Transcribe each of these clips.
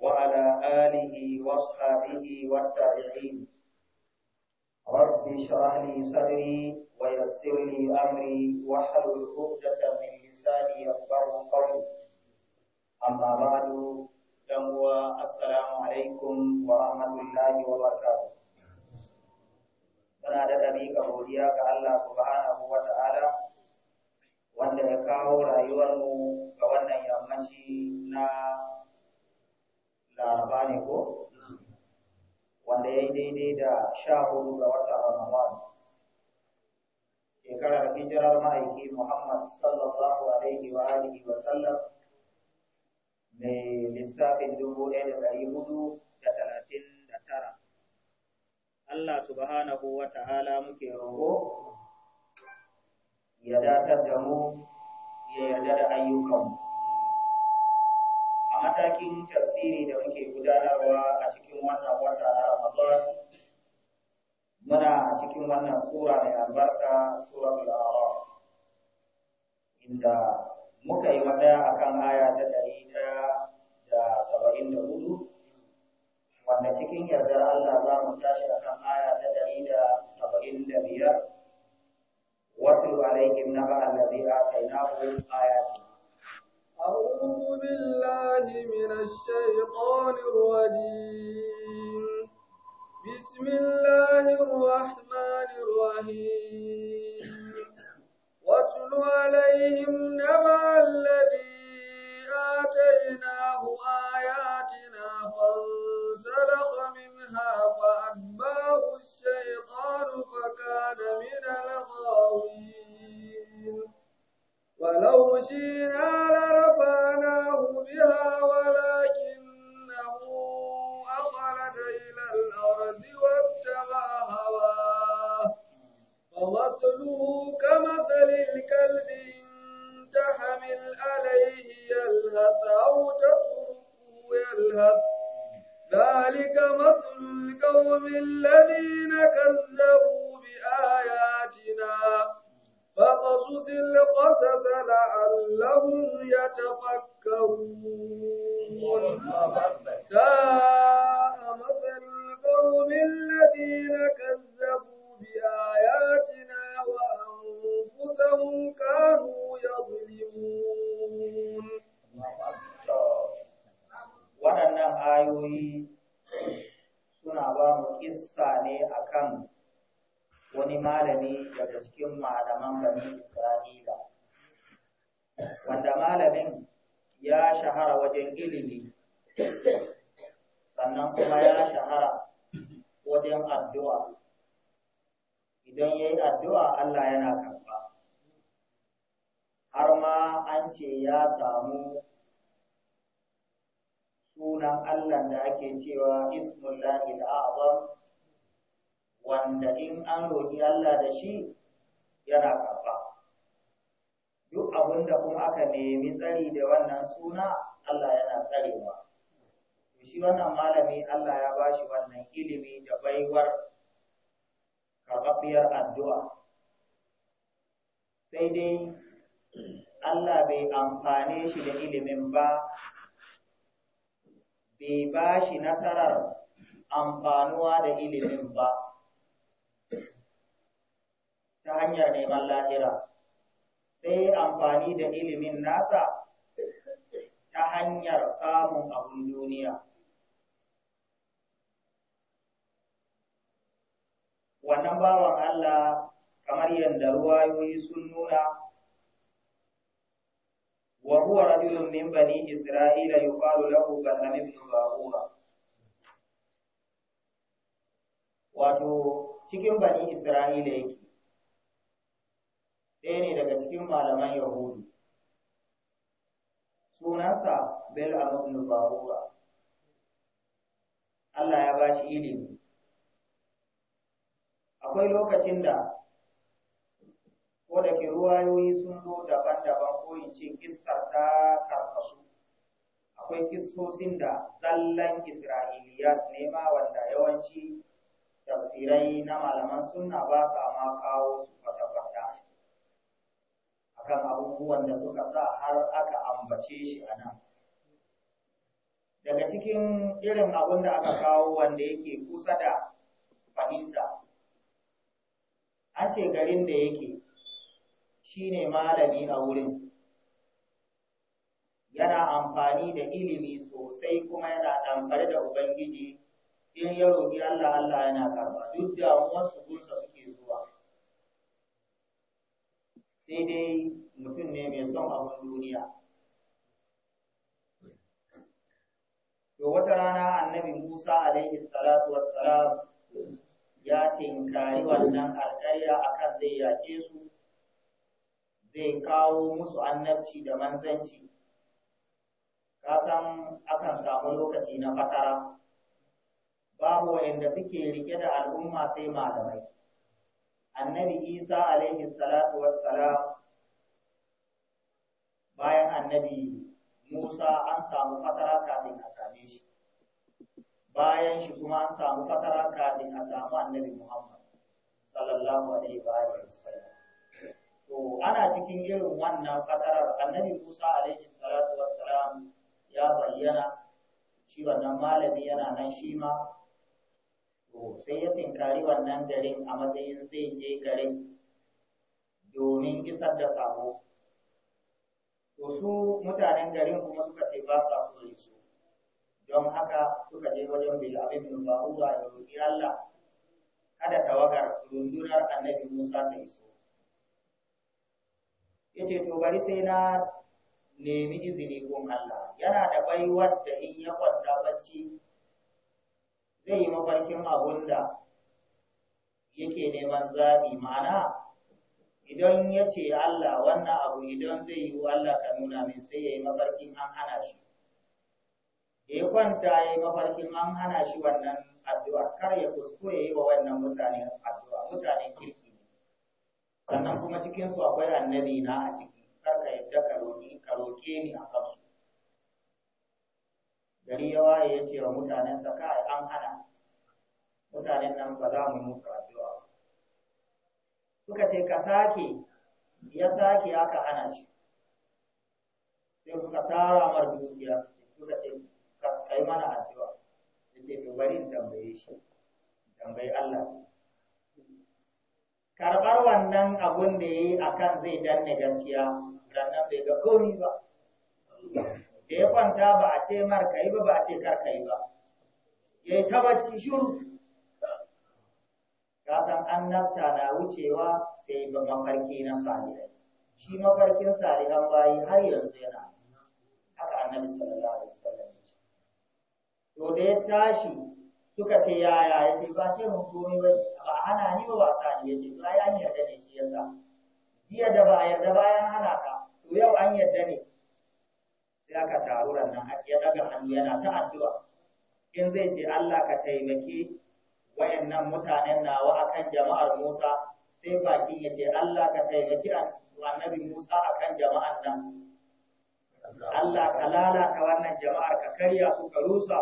وعلى آله وصحبه والتابعين رب اشرح لي صدري ويسر لي أمري واحلل عقدة من لساني يفقهوا قولي أما بعد فهو السلام عليكم ورحمة الله وبركاته Muna da ɗabi'a godiya ga Allah subhanahu wa ta'ala wanda ya kawo rayuwarmu ga wannan yammaci na laraba ne ko wanda ya yi daidai da sha hudu ga wata ramadan shekarar hijirar ma'aiki muhammad sallallahu alaihi wa alihi wa sallam mai lissafin dubu ɗaya da ɗari hudu da talatin da tara Allah subhanahu wa ta'ala muke roƙo ya datar da mu ya yarda da ayyukanmu a matakin tafsiri da muke gudanarwa a cikin wannan wata na Ramadan muna cikin wannan sura mai albarka suratul A'raf inda muka yi magana akan aya ta ɗari ɗaya da saba'in da hudu wanda cikin yardar Allah za mu tashi akan aya ta ɗari da saba'in da biyar wasu alaihim na ba'al da zai aka yi na ayatin أعوذ بالله من الشيطان الرجيم بسم الله الرحمن الرحيم واتل عليهم نبأ الذي آتيناه آياتنا فانسلخ منها فأتباه الشيطان فكان من الغاوين ولو شئنا لرفعناه بها ولكنه أخلد إلى الأرض واتبع هواه فمثله كمثل الكلب إن تحمل عليه يلهث أو تتركه يلهث ذلك مثل القوم الذين كذبوا بآياتنا فقصص القصص لعلهم يتفكرون ساء مثل القوم الذين كذبوا بآياتنا وأنفسهم كانوا يظلمون waɗannan آيوي suna ba mu kissa ne akan wani malami daga cikin malaman bani Isra'ila, wanda malamin ya shahara wajen ilimi, sannan kuma ya shahara wajen addu'a. Idan ya yi addu'a Allah yana karɓa, har ma an ce ya samu sunan Allah da ake cewa Ismullahi da Azam. wanda in an roƙi Allah da shi yana karɓa. Duk abin da kuma aka nemi tsari da wannan suna Allah yana tsarewa. Shi wannan malami Allah ya ba shi wannan ilimi da baiwar karɓaɓɓiyar addu'a. Sai dai Allah bai amfane shi da ilimin ba, bai ba shi nasarar amfanuwa da ilimin ba. ta hanyar neman lahira sai amfani da ilimin nasa ta hanyar samun abin duniya wannan bawan Allah kamar yadda ruwayoyi sun nuna wa huwa rajulun min bani isra'ila yuqalu lahu bal'am ibn ba'ura wato cikin bani isra'ila yake ɗaya ne daga cikin malaman yahudu sunansa bel'am ibn barura Allah ya bashi ilimi akwai lokacin da ko da ke ruwayoyi sun zo daban-daban ko in ce kistar ta karkasu akwai kistosin da tsallan Isra’iliya su nema wanda yawanci tafsirai na malaman suna ba sa ma kawo su kwata kan abubuwan da suka sa har aka ambace shi a nan. Daga cikin irin abin da aka kawo wanda yake kusa da fahimta, an ce garin da yake shi ne malami a wurin. Yana amfani da ilimi sosai kuma yana ɗamfare da Ubangiji in ya roƙi Allah Allah yana karba duk da wasu gunsa sai dai mutum ne mai son abin duniya to wata rana annabi Musa alaihi salatu wassalam ya tinkari wannan alƙarya kan zai yaƙe su zai kawo musu annabci da manzanci Ka san akan samu lokaci na fatara babu wayanda suke rike da al'umma sai malamai annabi isa alaihi salatu wassalam bayan annabi musa an samu fatara kafin a same shi bayan shi kuma an samu fatara kafin a samu annabi muhammad sallallahu alaihi wa sallam to ana cikin irin wannan fatarar annabi musa alaihi salatu wassalam ya bayyana shi wannan malami yana nan shi ma sai ya tinkari wannan garin a matsayin zai je garin domin isar da sabo to mutanen garin kuma suka ce ba sa so yi su don haka suka je wajen bilal ibn ba'ura ya roƙi Allah kada tawagar rundunar annabi Musa ta iso yace to bari sai na nemi izini gun Allah yana da baiwar da in ya kwanta bacci zai yi mafarkin abun da yake neman zaɓi ma'ana idan ya ce Allah wannan abu idan zai yi Allah ka nuna min sai ya yi mafarkin an hana shi da ya kwanta ya yi mafarkin an hana shi wannan addu'a kar ya kuskure yi wa wannan mutane addu'a mutane kirki ne sannan kuma cikinsu akwai annabi na a ciki kar ka yadda ka roƙe ni a kansu gari yawa ya ce wa mutanensa kai an hana mutanen nan ba za mu musu addu'a suka ce ka sake ya sake aka hana shi sai suka tara mar dukiya suka ce ka kai mana addu'a ya ce to bari in tambaye shi tambaye Allah karɓar wannan abun da ya yi a kan zai danne gaskiya ranar bai ga komi ba da ya kwanta ba a ce mar kai ba ba a ce kar kai ba ya yi ta bacci shuru Kasan san annabta na wucewa sai ba mafarki na salihai shi mafarkin salihan bayi har yanzu yana haka annabi sallallahu alaihi wasallam to da ya tashi suka ce yaya ya ce ba ce mun komai ba ba ana ni ba wasa ne ya ce ba ya ni yarda ne shi yasa jiya da ba yarda bayan hana ka to yau an yarda ne sai aka taru nan ya daga hannu yana ta addu'a in zai ce Allah ka taimake wayannan mutanen nawa akan jama'ar Musa sai baki ya ce Allah ka taimaki annabi Musa akan jama'an nan Allah ka lalata wannan jama'ar ka karya su ka rusa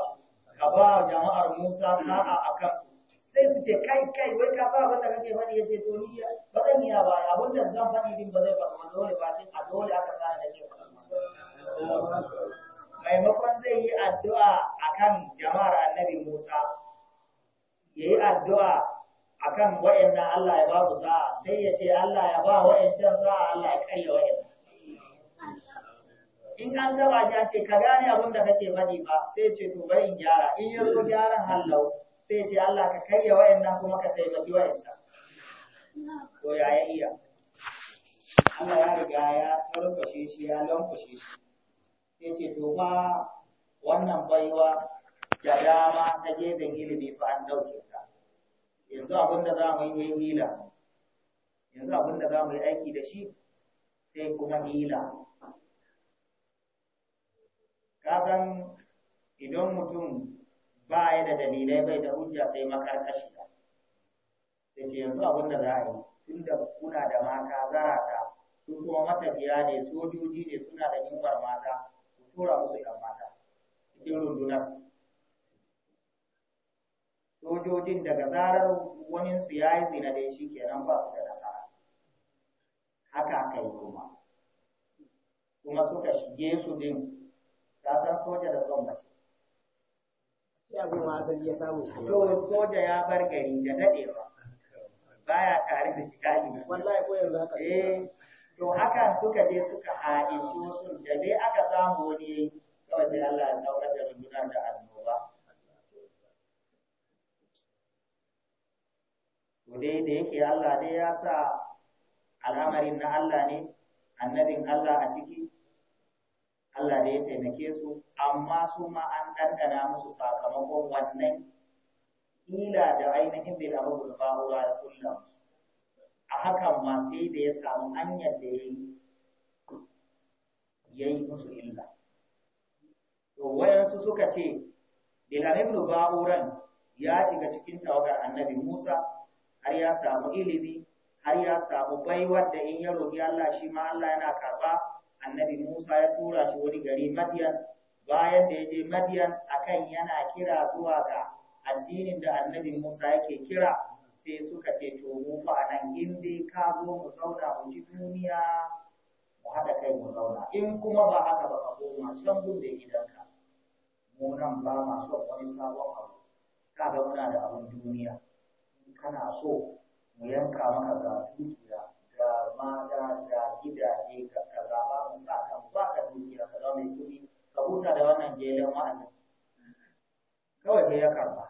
ka ba jama'ar Musa na'a akan su sai su ce kai kai wai ka ba wanda kake fadi ya ce to ni ba zan iya ba abin da zan fadi din ba zai ba ba dole ba sai a dole aka sa da ke maimakon zai yi addu'a akan jama'ar annabi Musa ya yi addu'a a kan wa'yannan Allah ya ba ku sa'a sai ya ce Allah ya ba wa'yancan sa'a Allah ya karya wa'yannan. In an taba ya ce ka gane abin da kake faɗi ba sai ce to bari in gyara in ya so gyaran hallau sai ce Allah ka karya wa'yannan kuma ka taimaki wa'yancan. To ya yi iya. Allah ya riga ya tarkashe shi ya lankwashe shi. Sai ce to ba wannan baiwa da dama ta gefen ilimi ba an ɗauke ta yanzu abin da za mu yi hila yanzu abin da za mu yi aiki da shi sai kuma hila san idan mutum ba ya da dalilai bai da hujja sai makarkashi da ce yanzu abin da za a yi tun da kuna da mata zarata su kuma matafiya ne sojoji ne suna da yunwar mata ku tura musu ɗan mata cikin rundunar sojojin daga zarar wani su ya yi zina dai shi kenan ba su da nasara haka aka yi kuma kuma suka shige su din san soja da son mace to soja ya bar gari da dadewa baya tare da shigali wallahi ko yanzu haka eh to haka suka je suka haɗe su da dai aka samu wani kawai sai Allah ya saukar da rundunar da Allah to dai da yake Allah dai ya sa al'amarin na Allah ne annabin Allah a ciki Allah da ya taimake su amma su ma an ɗanɗana musu sakamakon wannan ila da ainihin da abu ba'ura da kullum a hakan ma sai da ya samu hanyar da ya yi ya yi musu illa to wayansu suka ce bil abu ba'uran ya shiga cikin tawagar annabi Musa har ya samu ilimi har ya samu baiwar da in ya roƙi Allah shi ma Allah yana karɓa annabi Musa ya tura shi wani gari Madian bayan da ya je akan yana kira zuwa ga addinin da annabi Musa yake kira sai suka ce to mu fa nan in dai ka zo mu zauna mu ji duniya mu haɗa kai mu zauna in kuma ba haka ba ka koma can gudun gidanka mu nan ba ma son wani sabon abu kaga muna da abin duniya kana so mu yanka maka ga dukiya ga mata ga gidaje ga kaza ba mu sa kan ba ka dukiya ka zama mai kuɗi ka huta da wannan jelen wa'annan kawai sai ya karba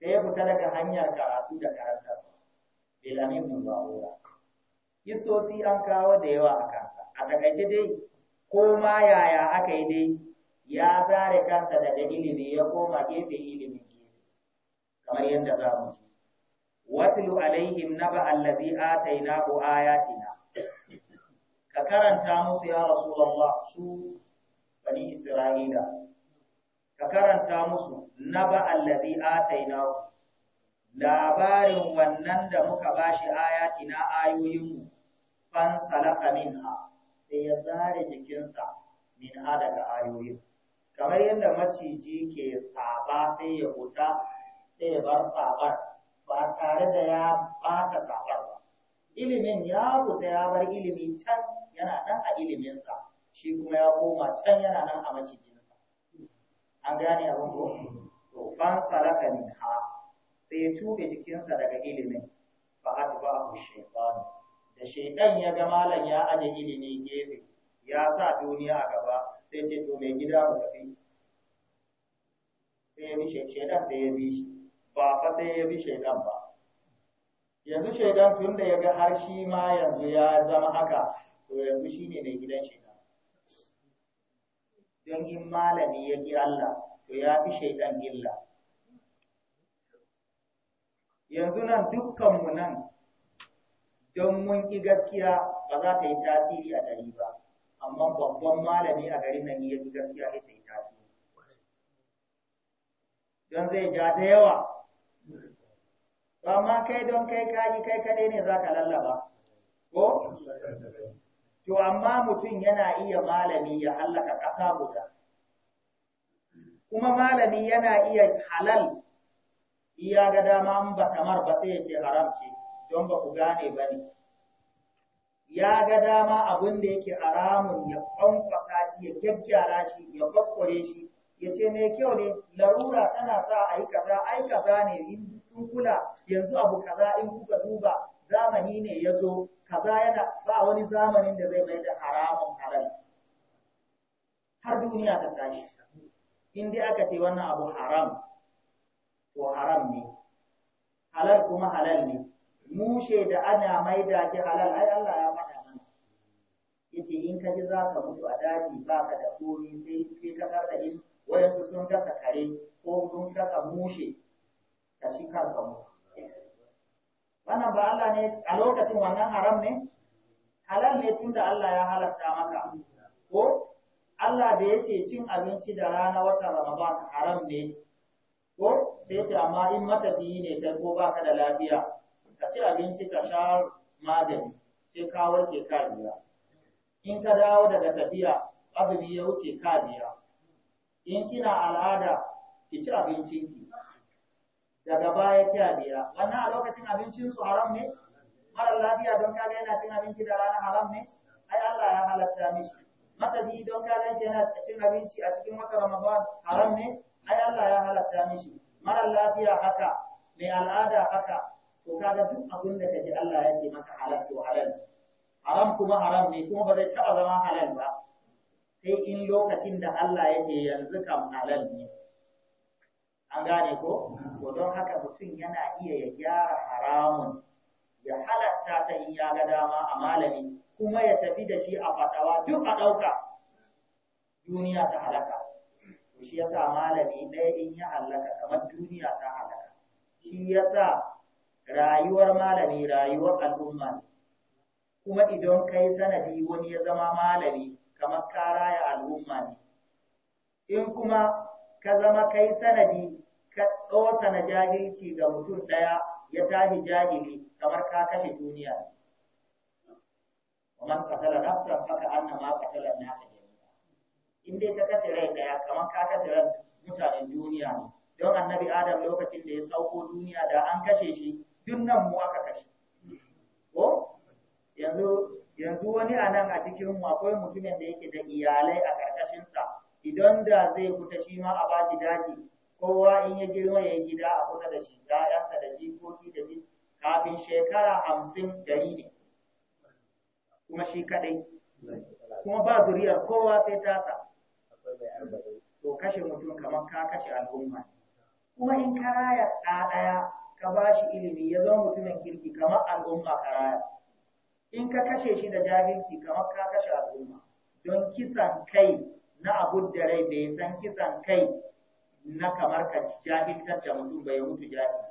sai ya fita daga hanyar karatu da karanta bilamin mun ba'ura kisosi an kawo da yawa a kansa a takaice dai ko ma yaya aka yi dai ya zare kansa daga ilimi ya koma gefe ilimin kamar yadda za mu ji watlu alaihim naba allazi atainahu ayatina ka karanta musu ya rasulullah su bani isra'ila ka karanta musu naba allazi atainahu labarin wannan da muka bashi ayatina ayoyinmu fan salaka minha sai ya zare jikinsa min ha daga ayoyin kamar yadda maciji ke saba sai ya huta sai ba bar sabar ba tare da ya bata sabar ba ilimin ya fita ya bar ilimi can yana nan a iliminsa shi kuma ya koma can yana nan a macijinsa an gane abin ko to ban salaka min ha sai ya tube jikinsa daga ilimin ba a ba ku da shaitan ya ga malam ya aje ilimi gefe ya sa duniya a gaba sai ce to mai gida mu tafi sai ya bi shaitan da ya bi shi ba fa sai ya bi shaidan ba yanzu shaidan tun da ya ga har shi ma yanzu ya zama haka to yanzu shi ne mai gidan shaidan don in malami ya ki Allah to ya fi shaidan illa yanzu nan dukkanmu nan don mun ki gaskiya ba za ta yi tasiri a gari ba amma babban malami a garin nan ya ki gaskiya ta yi tasiri don zai ja da yawa amma kai don kai kaji kai kaɗai ne za ka lallaba ko to amma mutum yana iya malami ya hallaka ƙasa guda kuma malami yana iya halal iya ga dama ba kamar ba sai ya ce haram ce don ba ku gane ba ne ya ga dama abin da yake haramun ya kwankwasa shi ya gyaggyara shi ya kwaskware shi ya ce mai kyau ne larura tana sa a yi kaza ai kaza ne in kun kula yanzu abu kaza in kuka duba zamani ne ya zo kaza yana ba wani zamanin da zai mai da haramun halal har duniya ta tashi in dai aka ce wannan abu haram ko haram ne halal kuma halal ne mushe da ana maida shi halal ai Allah ya faɗa mana yace in ka ji za ka mutu a daji ba ka da komai sai sai ka da in wayansu sun gasa kare ko sun gasa mushe ka ci kanka mu wannan ba Allah ne a lokacin wannan haram ne halal ne tunda Allah ya halarta maka ko Allah da yace cin abinci da rana wata Ramadan haram ne ko sai ce amma in matafiyi ne ta ko baka da lafiya ka ci abinci ka sha magani sai ka warke ka biya in ka dawo daga tafiya azumi ya wuce ka biya in kina al'ada ki ci abincin ki daga baya kira dira wannan a lokacin abincin su haram ne mara lafiya don kaga yana cin abinci da rana haram ne ai Allah ya halatta mishi bi don kaga shi yana cin abinci a cikin wata Ramadan haram ne ai Allah ya halatta mishi mara lafiya haka mai al'ada haka to kaga duk abin da kaje Allah ya ce maka halal to halal haram kuma haram ne kuma ba zai taba zama halal ba sai in lokacin da Allah ya ce yanzu kam halal ne an gane ko ko don haka mutum yana iya ya gyara haramun ya halatta ta in ya ga dama a malami kuma ya tafi da shi a fatawa duk a ɗauka duniya ta halaka to shi yasa malami ɗaya in ya halaka kamar duniya ta halaka shi yasa rayuwar malami rayuwar al'umma kuma idan kai sanadi wani ya zama malami kamar ka raya al'umma ne in kuma ka zama kai sanadi ka ɗota na jahilci ga mutum ɗaya ya tashi jahili kamar ka kashe duniya ne ومن قتل نفسا فكأنما na الناس جميعا in dai ka kashe rai ɗaya kamar ka kashe ran mutanen duniya ne don annabi adam lokacin da ya sauko duniya da an kashe shi duk nan mu aka kashe ko yanzu yanzu wani a nan a cikin mu akwai mutumin da yake da iyalai a ƙarƙashinsa idan da zai fita shi ma a baki daji kowa in ya girma ya yi gida a kusa da shi ‘ya'yansa da jikoki da ji kafin shekara hamsin gari ne kuma shi kaɗai kuma ba zuriyar kowa sai tasa to kashe mutum kamar ka kashe al'umma kuma in karaya ɗa ɗaya ka bashi ilimi ya zama mutumin kirki kamar al'umma karaya in ka kashe shi da jahilci kamar ka kashe al'umma don kisan kai na abun da rai bai san kisan kai na kamar ka jahiltar da mutum bai mutu jahilci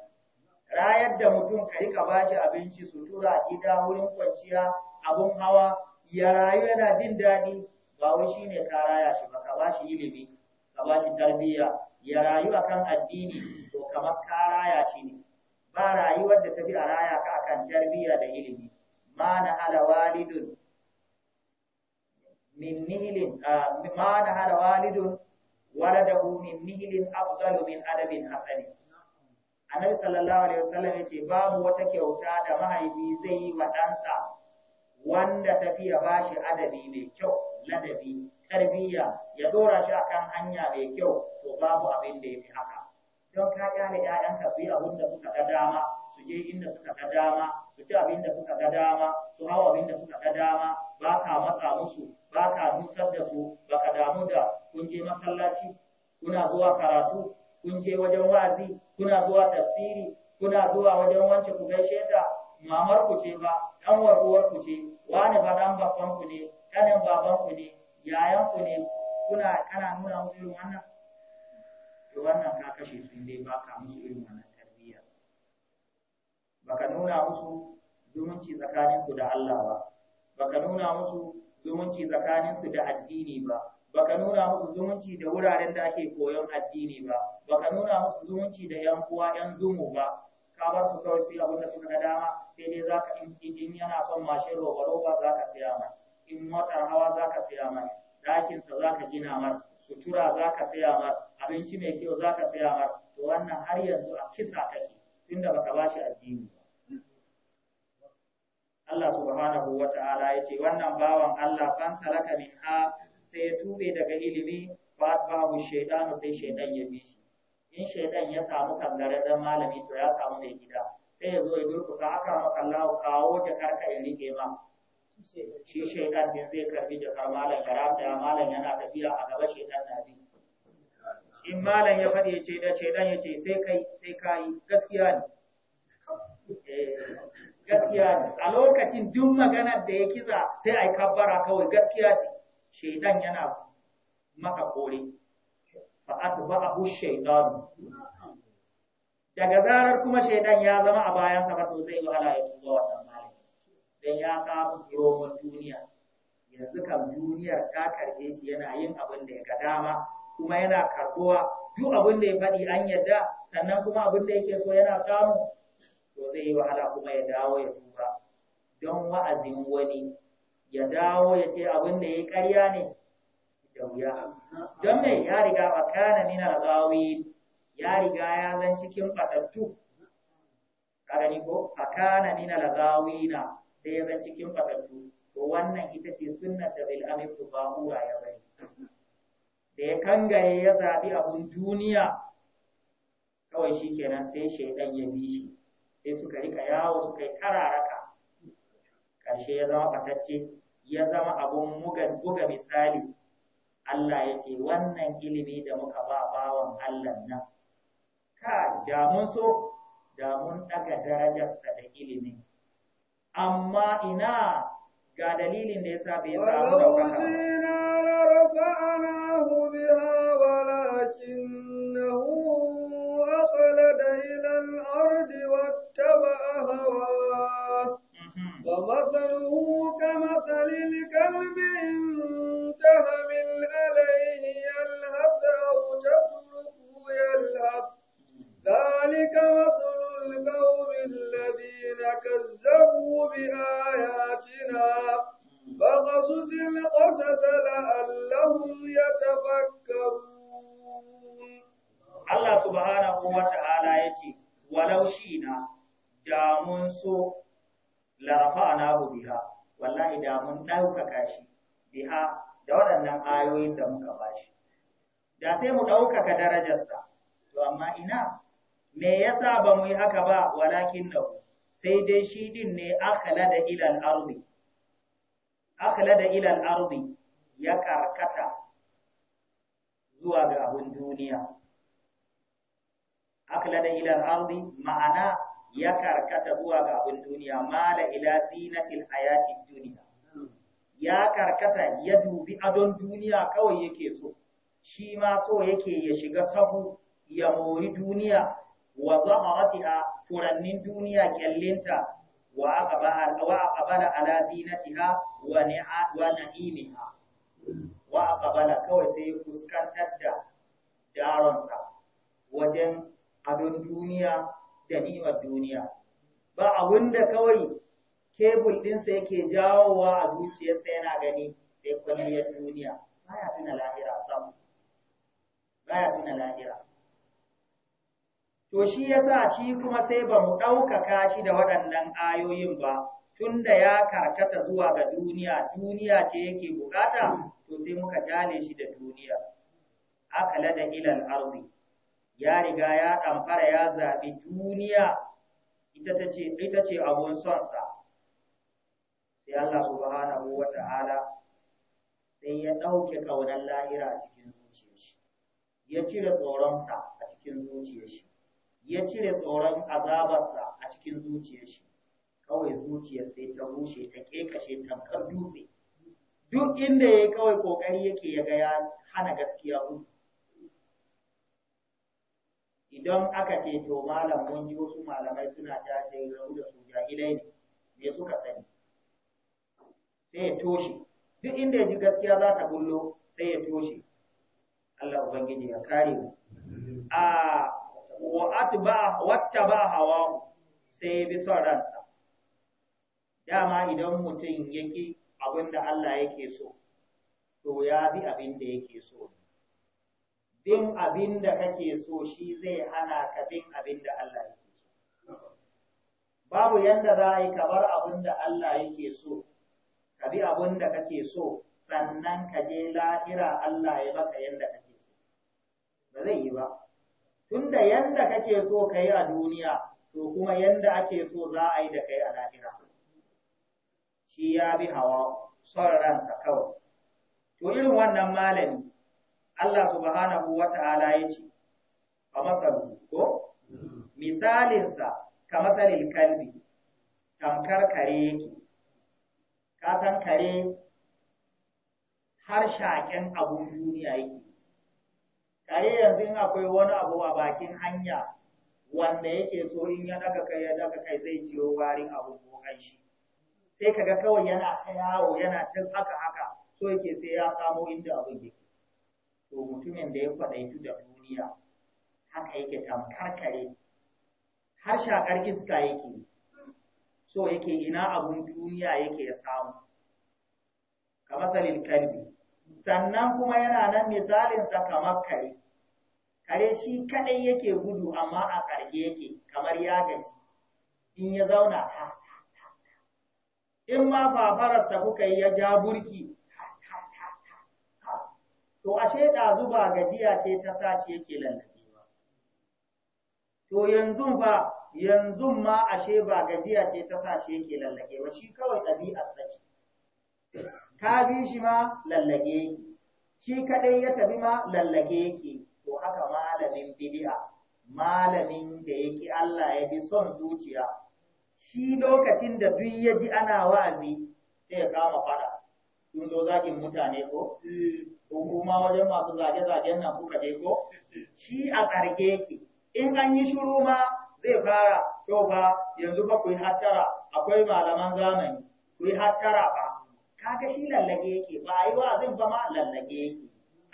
rayar da mutum ka rika bashi abinci sutura gida wurin kwanciya abun hawa ya rayu yana jin daɗi ba wai ne ka raya shi ba ka bashi ilimi ka bashi tarbiyya ya rayu akan addini to kamar ka raya shi ne ba rayuwar da ta tafi a raya ka akan tarbiyya da ilimi Mana na hala walidun min nihilin ma na hala walidun waladahu min nihilin afdalu min adabin hasani annabi sallallahu alaihi wasallam yace babu wata kyauta da mahaifi zai yi wa ɗansa wanda tafiya bashi adabi mai kyau ladabi tarbiyya ya dora shi akan hanya mai kyau to babu abin da fi haka don ka kyale ƴaƴanka su yi abin da suka ga dama su je inda suka ga dama su ci abin da suka ga dama su hawa abin da suka ga dama ba ka matsa musu ba ka nusar da su ba ka damu da kun je masallaci kuna zuwa karatu kun je wajen wazi kuna zuwa tafsiri kuna zuwa wajen wance ku gaishe ta mamar ku ce ba dan uwar ku ce wani ba dan babban ku ne kanin baban ku ne yayan ku ne kuna kana nuna musu irin wannan to wannan ka kashe su ba ka musu irin wannan baka nuna musu zumunci tsakaninsu da Allah ba baka nuna musu zumunci tsakaninsu da addini ba baka nuna musu zumunci da wuraren da ake koyon addini ba baka nuna musu zumunci da yan uwa yan zumu ba ka bar su kawai sai abin da suka ga dama sai dai za ka in yana son mashin roba roba za ka siya mai in motsa hawa za ka siya mai ɗakinsa za ka gina mai sutura za ka siya mai abinci mai kyau za ka siya mai to wannan har yanzu a kisa kake tunda baka bashi addini ba subhanahu wa ta'ala yace wannan bawan Allah fan salaka ha sai ya tube daga ilimi ba babu shaytan sai shaytan ya bi shi in shaytan ya samu kangare dan malami to ya samu mai gida sai ya zo ya ka aka maka Allah kawo ta karka ya rike ma shi shaytan din zai karbi da malam ya rafa malam yana tafiya a gaba shaytan na bi in malam ya fadi ya ce da shaytan ya ce sai kai sai kai gaskiya ne eh. gaskiya ne a lokacin duk maganar da ya kiza sai ayi kabbara kawai gaskiya ce shaidan yana maka kore fa atba'ahu shaidan daga zarar kuma shaidan ya zama a bayan sa to zai wahala ya tuba wannan malami dan ya samu roman duniya yanzu kan duniyar ta karbe shi yana yin abin da ya ga dama kuma yana karbuwa duk abin da ya faɗi an yarda sannan kuma abin da yake so yana samu to zai yi wahala kuma ya dawo ya tuba don wa'azin wani ya dawo ya ce abin da ya yi ƙarya ne da wuya don mai ya riga a kana mina gawi ya riga ya zan cikin fatattu ƙarani ko a kana mina gawi na sai ya zan cikin fatattu to wannan ita ce sunnar da ba tubahura ya bari da ya kangaye ya zaɓi abin duniya kawai shi kenan sai shaidan ya bi shi sai suka rika yawo suka yi kararaka ƙarshe ya zama ɓatacce ya zama abun buga misali Allah ya ce wannan ilimi da muka ba bawan Allah na. ka da so da mun ɗaga darajarsa da ilimi. amma ina ga dalilin da ya sa bai samu ɗaukaka ba. الأرض واتبع هواه فمثله كمثل الكلب إن تهمل عليه يلهث أو تتركه يلهث ذلك مثل القوم الذين كذبوا بآياتنا فقصص القصص لعلهم يتفكرون Allah subhanahu wa ta'ala ya ce, walau shi da mun so larafa na biha wallahi da ɗaukaka shi biha da waɗannan ayoyin da muka ba shi, da sai mu ɗaukaka darajarsa to amma ina me yasa ba mu yi haka ba walakin da sai dai shi din ne akala da ilal arzi da ilal ya karkata zuwa ga abin duniya aklada ila al-ardi ma'ana ya karkata zuwa ga abin duniya mala ila zinatil hayatid duniya ya karkata ya dubi adon duniya kawai yake so shi ma so yake ya shiga sahu ya mori duniya wa zaharatiha furannin duniya kyallinta wa aqbala ala zinatiha wa ni'at wa na'imiha wa aqbala kawai sai fuskantar da daronsa wajen abin duniya da ni'imar duniya ba abin da kawai kebul ɗinsa yake jawowa a zuciyarsa yana gani sai kwalliyar duniya baya tuna lahira sam baya tuna lahira to shi yasa shi kuma sai ba mu ɗaukaka shi da waɗannan ayoyin ba tunda ya karkata zuwa ga duniya duniya ce yake bukata to sai muka jale shi da duniya akala da ilal ardi ya riga ya ɗamfara ya zaɓi duniya ita ce abun sonsa sai Allah subhanahu wa ta'ala sai ya ɗauke ƙaunar lahira a cikin zuciyar shi ya cire tsoronsa a cikin zuciyar shi ya cire tsoron azabarsa a cikin zuciyar shi kawai zuciyar sai ta rushe ta kashe tamkar dutse duk inda ya yi kawai ƙoƙari yake ya ga ya hana gaskiya gudu idan aka ce to malam mun ji wasu malamai suna tashi rabu da su jahilai ne me suka sani sai ya toshe duk inda ya ji gaskiya za ta bullo sai ya toshe Allah ubangiji ya kare mu a wa atba ba hawa sai bi son ransa dama idan mutum yake abin da Allah yake so to ya bi abin da yake so ne bin abin da kake so shi zai hana ka bin abin da Allah yake so. Babu yanda za a yi kamar abin da Allah yake so, ka bi abin da kake so, sannan ka je lahira Allah ya baka yanda kake so. Ba zai yi ba. Tunda yanda kake so ka yi a duniya, to kuma yanda ake so za a yi da kai a lahira. Shi ya bi hawa son ransa kawai. To irin wannan malami Allah subhanahu wa ta'ala ya ce, a matsalin ko? Misalinsa, ka matsalin kalbi, tamkar kare yake, ka san kare har shaƙen abun duniya yake. Kare yanzu akwai wani abu a bakin hanya wanda yake so in ya daga kai ya daga kai zai jiyo warin abun bukan shi. Sai kaga kawai yana ta yawo yana ta haka haka so yake sai ya samo inda abin yake. to mutumin da ya kwaɗaitu da duniya haka yake tamkar kare har shakar iska yake so yake ina abun duniya yake ya samu ka masalin kalbi sannan kuma yana nan misalinsa kamar kare kare shi kadai yake gudu amma a karge yake kamar ya gaji in ya zauna ha in ma fafararsa kuka yi ya ja burki to ashe ɗazu zuba gajiya ce ta sashi yake lallabewa to yanzu ba yanzu ma ashe ba gajiya ce ta sashi yake lallabewa shi kawai ɗabi'ar sake ka bi shi ma lallage yake shi kaɗai ya tafi ma lallage yake to haka malamin bidi'a malamin da yake Allah ya bi son zuciya shi lokacin da duk ya ji ana wa'azi sai ya kama fara sun zo zagin mutane eh. ko? kuma wajen masu zage-zagen nan kuka je ko? Shi a tsarge yake, in an yi shiru ma zai fara, to fa yanzu ba ku yi hattara, akwai malaman zamani, ku yi hattara ba Kaga shi lallage yake, ba a yi zin ba ma lallage yake,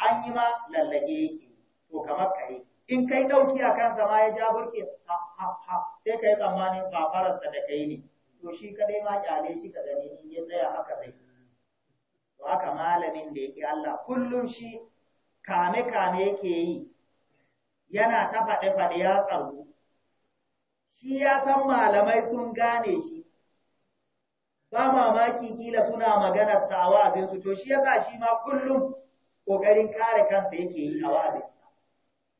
an yi ma lallage yake, to kamar kai In kai ɗauki a kan zama ya ja burke, ha ha ha, sai ka yi tsammanin fafararsa da kai ne. To shi kadai ma kyale shi ka gani in ya tsaya haka zai. to haka malamin da yake Allah kullum shi kame kame yake yi yana ta faɗe faɗe ya tsaro shi ya san malamai sun gane shi ba mamaki kila suna maganar ta a su to shi yasa shi ma kullum kokarin kare kansa yake yi a wa'azinsa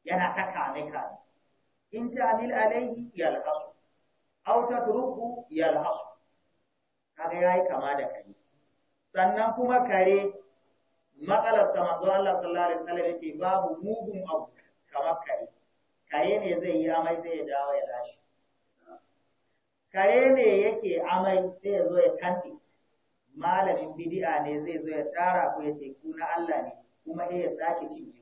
yana ta kame kame in ta'lil alaihi yalhasu aw tatruku yalhasu kaga yayi kama da kai sannan kuma kare matsalar ta manzo Allah sallallahu alaihi wasallam yake babu mugun abu kamar kare kare ne zai yi amai zai dawo ya lashi kare ne yake amai sai ya zo ya kanti malamin bid'a ne zai zo ya tara ku ya ce ku na Allah ne kuma sai ya sake cin ku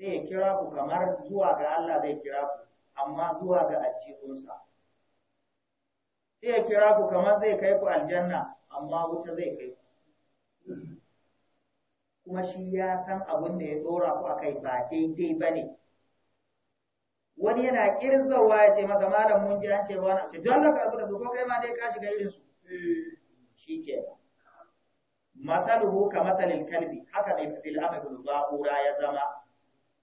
sai ya kira ku kamar zuwa ga Allah zai kira ku amma zuwa ga ajiyunsa iya ya kira ku kamar zai kai ku aljanna amma wuta zai kai ku kuma shi ya san abin da ya dora ku akai ba daidai ba ne wani yana kirzawa ya ce maka malam mun ji an ce ba na ce don da ka ko kai ma dai ka shiga irin su shi ke masaluhu ka masalin kalbi haka dai fil amadu ya zama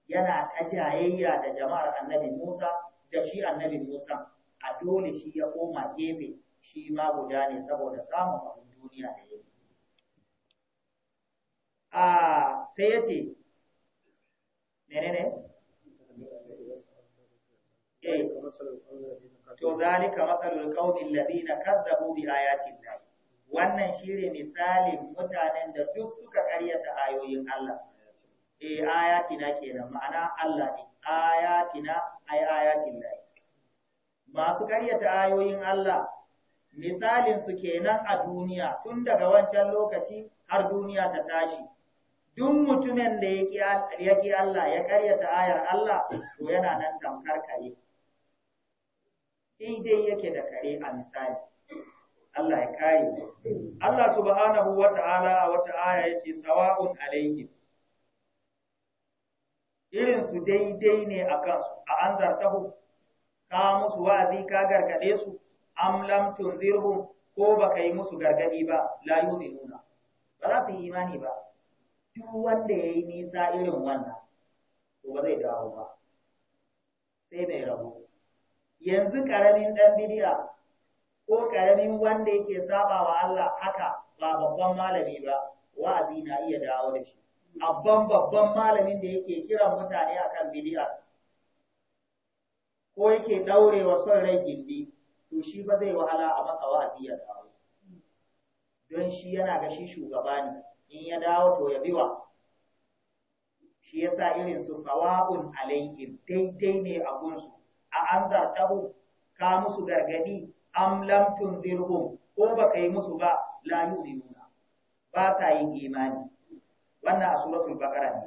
yana ta jayayya da jama'ar annabi Musa da shi annabi Musa a dole shi ya koma gefe shi ma guda ne saboda samun abin duniya da yake a sai ya ce menene eh to zalika masalul qaumil ladina kazzabu bi ayatin llahi wannan shine misalin mutanen da duk suka karyata ayoyin Allah eh ayatina kenan ma'ana Allah ne ayatina ay ayatin llahi masu karyata ayoyin Allah misalin misalinsu kenan a duniya tun daga wancan lokaci har duniya ta tashi duk mutumin da ya ƙi Allah ya karyata ayar Allah to yana nan tamkar kare daidai yake da kare a misali Allah ya kare Allah subhanahu wa ta'ala a wata aya yace sawa'un alaihim irin su daidai ne akan a anzartahu ka musu wa'azi ka gargade su am lam tunzirhum ko baka yi musu gargadi ba la yu'minuna ba za su yi imani ba duk wanda yayi nisa irin wannan to ba zai dawo ba sai mai rabu. yanzu karamin dan bid'a ko karamin wanda yake saba wa Allah haka ba babban malami ba wa'azi na iya dawo da shi abban babban malamin da yake kiran mutane akan bidiyar. ko yake daurewa son rai gindi to shi ba zai wahala a maka wa'azi ya dawo don shi yana ga shi shugaba ne in ya dawo to ya biwa shi sa irin su sawa'un alaihim daidai ne a gunsu a an zartahu ka musu gargadi am lam tunzirhum ko baka yi musu ba la yu'minuna ba ta yin imani wannan a suratul baqara ne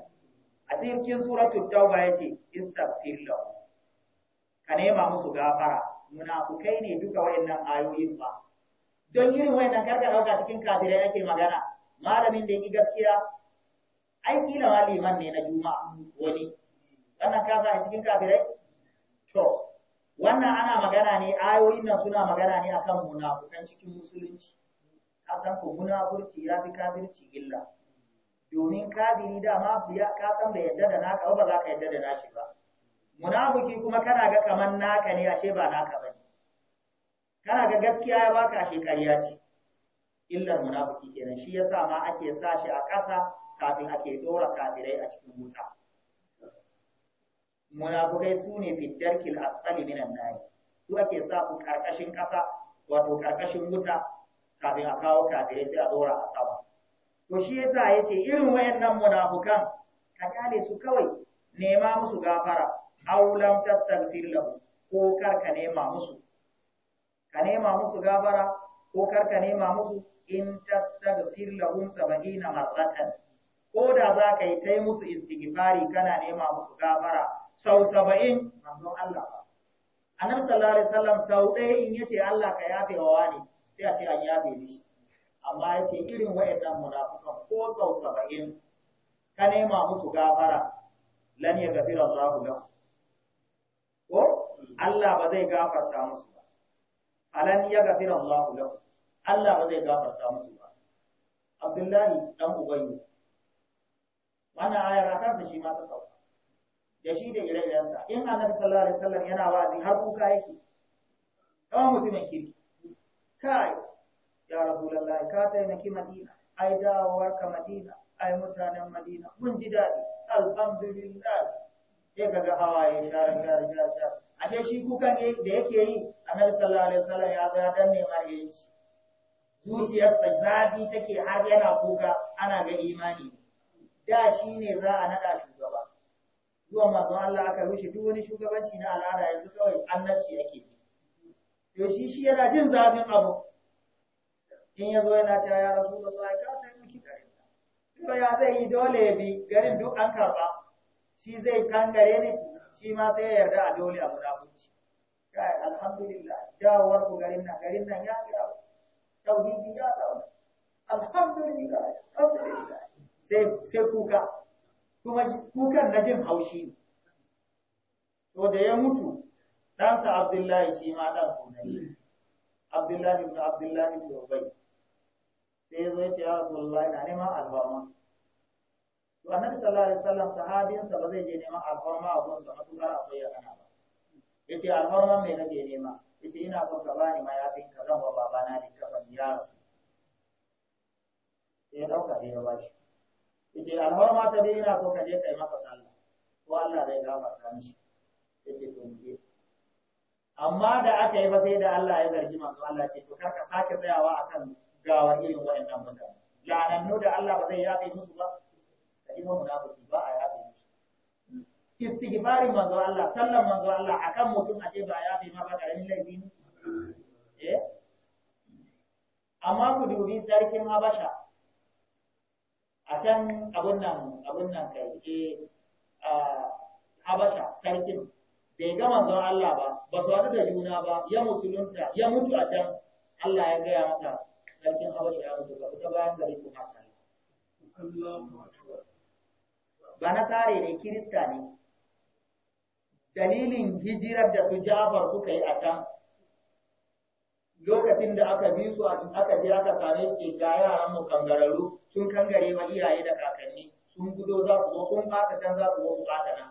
a cikin suratul tauba yace istaghfir lahum ka nema musu gafara Muna kai ne duka wayannan ayoyin ba don irin wayannan karka dauka cikin kafirai yake magana malamin da yake gaskiya ai kila ma liman ne na juma'a wani wannan ka a cikin kafirai to wannan ana magana ne ayoyin nan suna magana ne akan munafukan cikin musulunci ka san munafurci ya fi kafirci illa domin kafiri dama ka san bai yadda da naka ba za ka yadda da nashi ba munafiki kuma kana ga kaman naka ne ashe ba naka ne kana ga gaskiya ya baka ashe kariya ce illar munafiki kenan shi yasa ma ake sa shi a ƙasa kafin ake dora kafirai a cikin wuta munafikai su ne kil asali minan nari su ake sa su karkashin ƙasa wato karkashin wuta kafin a kawo kafirai sai a dora a sama to shi yasa yace irin wayannan munafukan ka kyale su kawai nema musu gafara aw taftar tastaghfir lahu ko kar ka nema musu ka nema musu gafara ko kar ka nema musu in tastaghfir lahum 70 marratan ko da za ka yi ta musu istighfari kana nema musu gafara sau 70 manzon Allah ba annabi sallallahu alaihi wasallam sau ɗaya in yace Allah ka yafe wa wani sai a ce an yafe mishi amma yake irin wa'annan munafikan ko sau 70 ka nema musu gafara lan yaghfira Allahu lahu ko Allah ba zai gafarta musu ba alan ya gafira Allah lahu Allah ba zai gafarta musu ba Abdullahi dan Ubayyu wannan ayar akan da shi ma ta sauka da shi da ire-irensa in annabi sallallahu alaihi wasallam yana wa'azi har kuka yake kawai mutumin kirki kai ya rasulullahi ka taimaki madina ai dawowar ka madina ai mutanen madina mun ji daɗi alhamdulillah sai ka ga hawaye shara shara shara shara ashe shi kukan da yake yi annabi sallallahu alaihi wasallam ya ga dan ne mar yayi shi zuciyarsa zafi take har yana kuka ana ga imani da shi ne za a nada shugaba zuwa manzon Allah aka rushe duk wani shugabanci na al'ada yanzu kawai annabci yake to shi shi yana jin zafin abu in yazo yana ta ya rasulullahi ka san miki garin ya zai yi dole ya bi garin duk an karba shi zai kangare ni shi ma sai ya yarda a dole a munafunci kai alhamdulillah dawowar ku garin nan garin nan ya dawo tauhidi ya dawo alhamdulillah alhamdulillah sai sai kuka kuma kukan na jin haushi to da ya mutu ɗansa abdullahi shi ma ɗan shi, abdullahi ibn abdullahi ibn ubay sai ya zo ya ce ya rasulullahi na neman alfarma to annabi sallallahu alaihi wasallam sahabinsa ba zai je neman alfarma a gonsa matukar akwai ya kana ba yace alfarma me kake nema yace ina son ka bani mayafin ka zan wa babana da kafan yaro sai ya dauka dai ya bashi yace alfarma ta dai ina son ka je kai masa sallah ko Allah zai gafarta mishi yace to mu amma da aka yi ba sai da Allah ya zargi manzo Allah ce to kar ka sake tsayawa akan gawar irin waɗannan mutane Lanannu da Allah ba zai yafe musu ba zama munafiki ba a yabe mishi istighfarin manzo Allah sallan manzo Allah akan mutum a ce ba yabe ma ba karamin laifi ne eh amma ku dubi sarkin Habasha a can abun nan abun nan kai eh Habasha sarkin bai ga manzon Allah ba ba su haɗu da juna ba ya musulunta ya mutu a can Allah ya gaya masa sarkin Habasha ya mutu ba ita bayan gari kuma Allah banasare ne kirista ne dalilin hijirar da su jafar suka yi a can lokacin da aka bi su aka je aka same su ga yaran mu kangararru sun kangare ma iyaye da kakanni sun gudo za su zo sun fata can za su zo su fata nan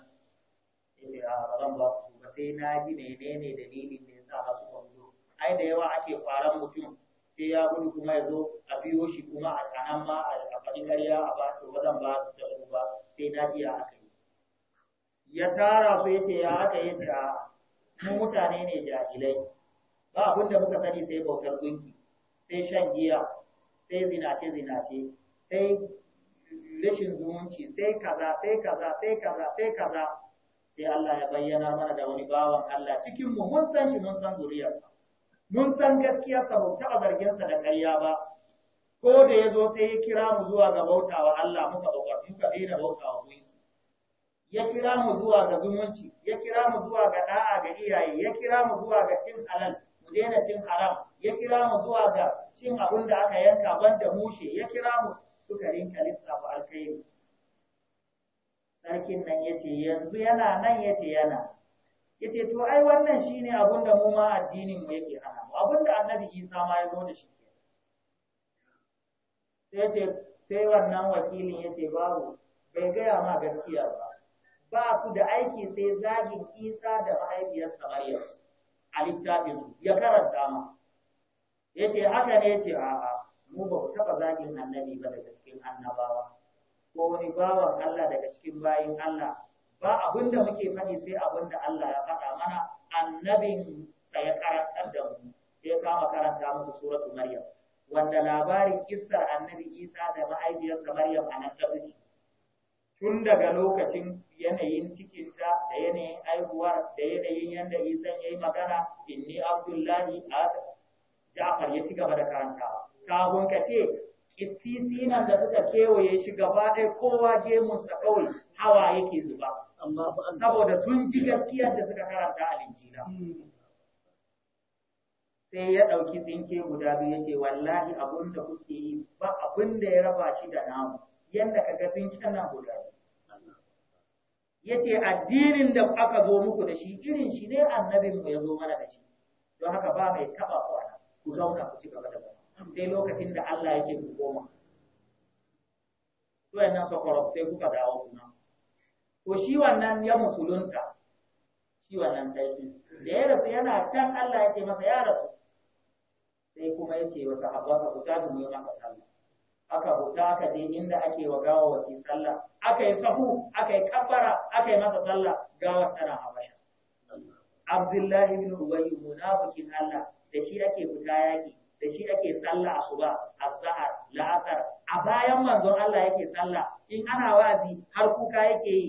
sai a ah, zan ba su ba sai na ji menene dalilin da yasa ba su gudo ai da yawa ake kwaran mutum sai ya gudu kuma ya zo a biyo shi kuma a kanan ma a faɗi karya a ba su Wajen ba su da ba su. sai na ji aka yi ya tara su ya ce ya aka yi ce mu mutane ne jahilai ba abin da muka sani sai bautar gunki sai shan giya sai zinace zinace sai rashin zumunci sai kaza sai kaza sai kaza sai kaza sai Allah ya bayyana mana da wani bawan Allah cikin mu mun san shi mun san zuriyarsa mun san gaskiya sa taɓa ta zargin sa da ƙarya ba ko da ya zo sai ya kira mu zuwa ga bautawa Allah muka da bauta wa ya kira mu zuwa ga zumunci ya kira mu zuwa ga da'a ga iyaye ya kira mu zuwa ga cin halal mu daina cin haram ya kira mu zuwa ga cin abin da aka yanka banda mushe ya kira mu suka rinka lissafa alkhairi sarkin nan yace yanzu yana nan yace yana yace to ai wannan shine abin da mu ma addinin mu yake hana mu da annabi Isa ma ya zo da shi sai ce sai wannan wakilin ya ce babu bai gaya ma gaskiya ba ba su da aiki sai zagin isa da mahaifiyarsa maryam a littafin ya karanta ma ya ce haka ne ce a'a mu ba ku taɓa zagin annabi ba daga cikin annabawa ko wani bawan Allah daga cikin bayin Allah ba abinda da muke faɗi sai abinda Allah ya faɗa mana annabin sa ya karantar da mu sai kama karanta muku suratu maryam wanda labarin kissar annabi isa da ma'aibiyarsa maryam a nan tabbaki tun daga lokacin yanayin cikinta da yanayin aihuwar da yanayin yadda isa ya yi magana inni abdullahi a ja'far ya ci gaba da karanta. kafin ka ce ittisinan da suka kewaye shi gaba ɗaya kowa gemunsa kawai hawa yake zuba saboda sun ji gaskiyar da suka karanta a linjila hmm. sai ya ɗauki tsinke guda biyu yake wallahi abun da kuke yi ba abun da ya raba shi da namu yadda ka ga tsinken nan guda yace addinin da aka zo muku da shi irin shi ne annabin mu ya zo mana da shi don haka ba mai taba kwana ku zauna ku ci gaba da ba sai lokacin da Allah yake ku Su to yana so sai kuka dawo kuma to shi wannan ya musulunta shi wannan sarki da ya rasu yana can Allah ya ce masa ya rasu sai kuma ya ce wa sahaba ka fita da mu maka sallah aka fita aka je inda ake wa gawa wa sallah aka yi sahu aka yi kabbara aka yi masa sallah gawa tana habasha Abdullahi bin ubayi munafikin Allah da shi ake fita yaki da shi ake sallah a asuba azhar la'asar a bayan manzon Allah yake sallah in ana wazi har kuka yake yi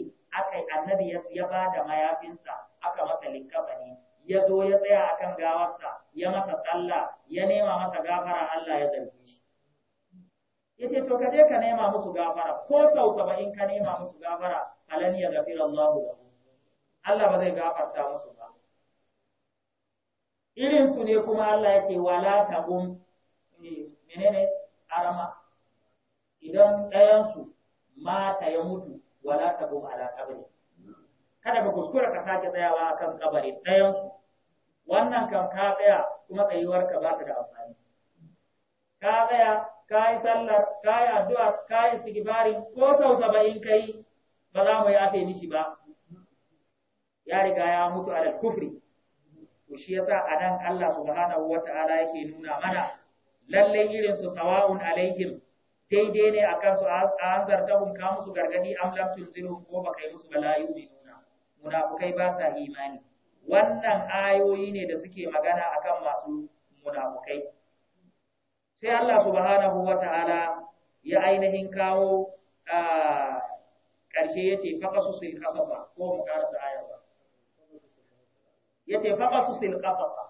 yi annabi ya bada mayafinsa aka masa likkafani ya zo ya tsaya a akan gawarsa ya masa sallah ya nema masa gafara Allah ya zarge shi yace to kaje ka nema musu gafara ko sau saba'in ka nema musu gafara alan ya gafi Allah da, Allah ba zai gafarta musu ba Irinsu ne kuma Allah ya ce, wala taqum menene arama idan ɗayansu mata ya mutu wala gum ala qabri kada ka kuskura ka sake tsayawa akan kabari ɗayansu. wannan kan ka tsaya kuma tsayuwar ka ba ta da amfani ka tsaya ka yi sallar ka yi addu'a ka yi sigibari ko sau saba'in ka yi ba za mu yafe mishi ba ya riga ya mutu a kufri to shi yasa a nan Allah subhanahu wata'ala yake nuna mana Lallai irin su sawa'un alaihim daidai ne akan su a hanzartahum ka musu gargadi am lam tunzirhum ko baka yi musu bala yu'minuna munafukai ba sa imani wannan ayoyi ne da suke magana akan masu munafukai sai Allah subhanahu ta'ala ya ainihin kawo ƙarshe ya ce faƙasu sil ƙasasa ko mu ƙarasa ayar ba ya ce faƙasu sil ƙasasa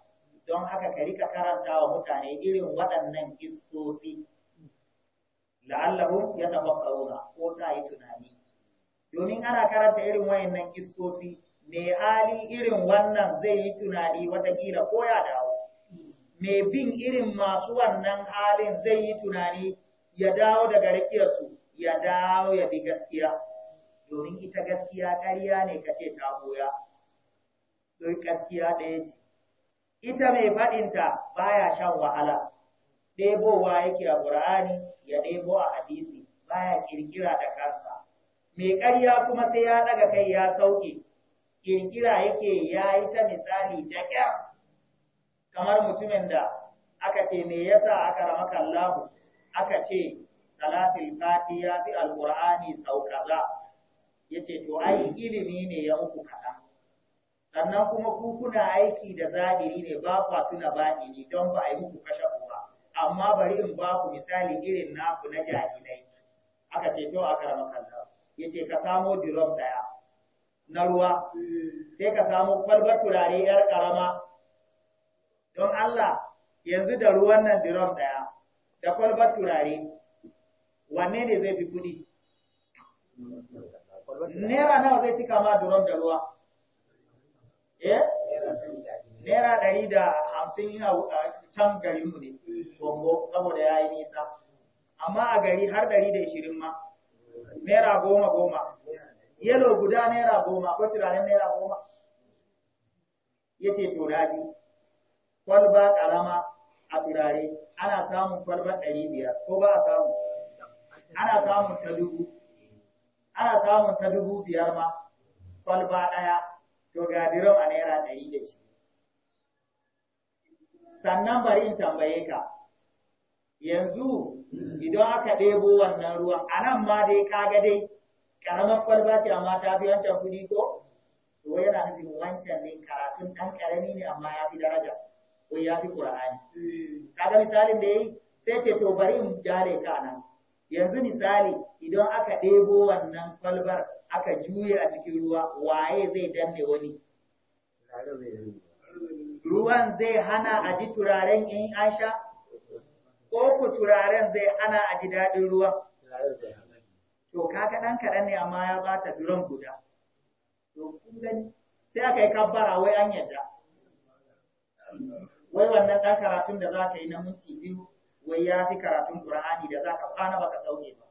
don haka ka rika karanta wa mutane irin waɗannan kistofi la'allahum yatafakkaruna ko ta yi tunani domin ana karanta irin wayannan kistofi Me hali irin wannan zai yi tunani watakila ko ya dawo Me bin irin masu wannan halin zai yi tunani ya dawo daga rikiyarsu ya dawo ya bi gaskiya domin ita gaskiya ƙarya ne ka ce ta goya don gaskiya ɗaya ce ita mai faɗinta baya shan wahala ɗebowa yake a ƙur'ani ya ɗebo a hadisi baya ƙirƙira da kansa mai ƙarya kuma sai ya ɗaga kai ya sauke kirkira yake ya yi ta misali da kyar kamar mutumin da aka ce me yasa aka rama kallahu aka ce salatul fatiha fi alqur'ani sau kaza yace to ai ilimi ne ya uku kaza sannan kuma ku kuna aiki da zahiri ne ba kwa tuna ni don ba ai yi muku ba amma bari in ba ku misali irin naku na jahilai aka ce to aka rama kallahu yace ka samo drop daya na ruwa sai ka samu kwalbar turare yar karama don Allah yanzu da ruwan nan diram daya da kwalbar turare wanne ne zai fi kudi naira nawa zai cika ma diram da ruwa eh naira ɗari da hamsin yana can garinmu ne bongo saboda ya yi nisa amma a gari har ɗari da ishirin ma naira goma goma yalo guda naira goma ko turaren naira goma ya ce turari kwalba ƙarama a turare ana samun kwalba ɗari biyar ko ba a samu ana samun ta dubu ana samun ta dubu biyar ma kwalba ɗaya to ga diram a naira ɗari da shi sannan bari in tambaye ka yanzu idan aka ɗebo wannan ruwan a nan ma dai kaga dai karamar kwalba ce amma ta fi wancan kuɗi ko to yana nufin wancan ne karatun ɗan ƙarami ne amma ya fi daraja Wai ya fi ƙur'ani kaga misalin da yayi sai ce to bari in jare ka nan yanzu misali idan aka ɗebo wannan kwalbar aka juye a cikin ruwa waye zai danne wani ruwan zai hana a ji turaren in aisha ko ku turaren zai hana a ji daɗin ruwa? to kaga dan kaɗan ne amma ya bata duran guda to kun gani sai aka yi kabbara wai an yadda wai wannan ɗan karatun da za ka yi na minti biyu wai ya fi karatun Qur'ani da za ka kwana baka sauke ba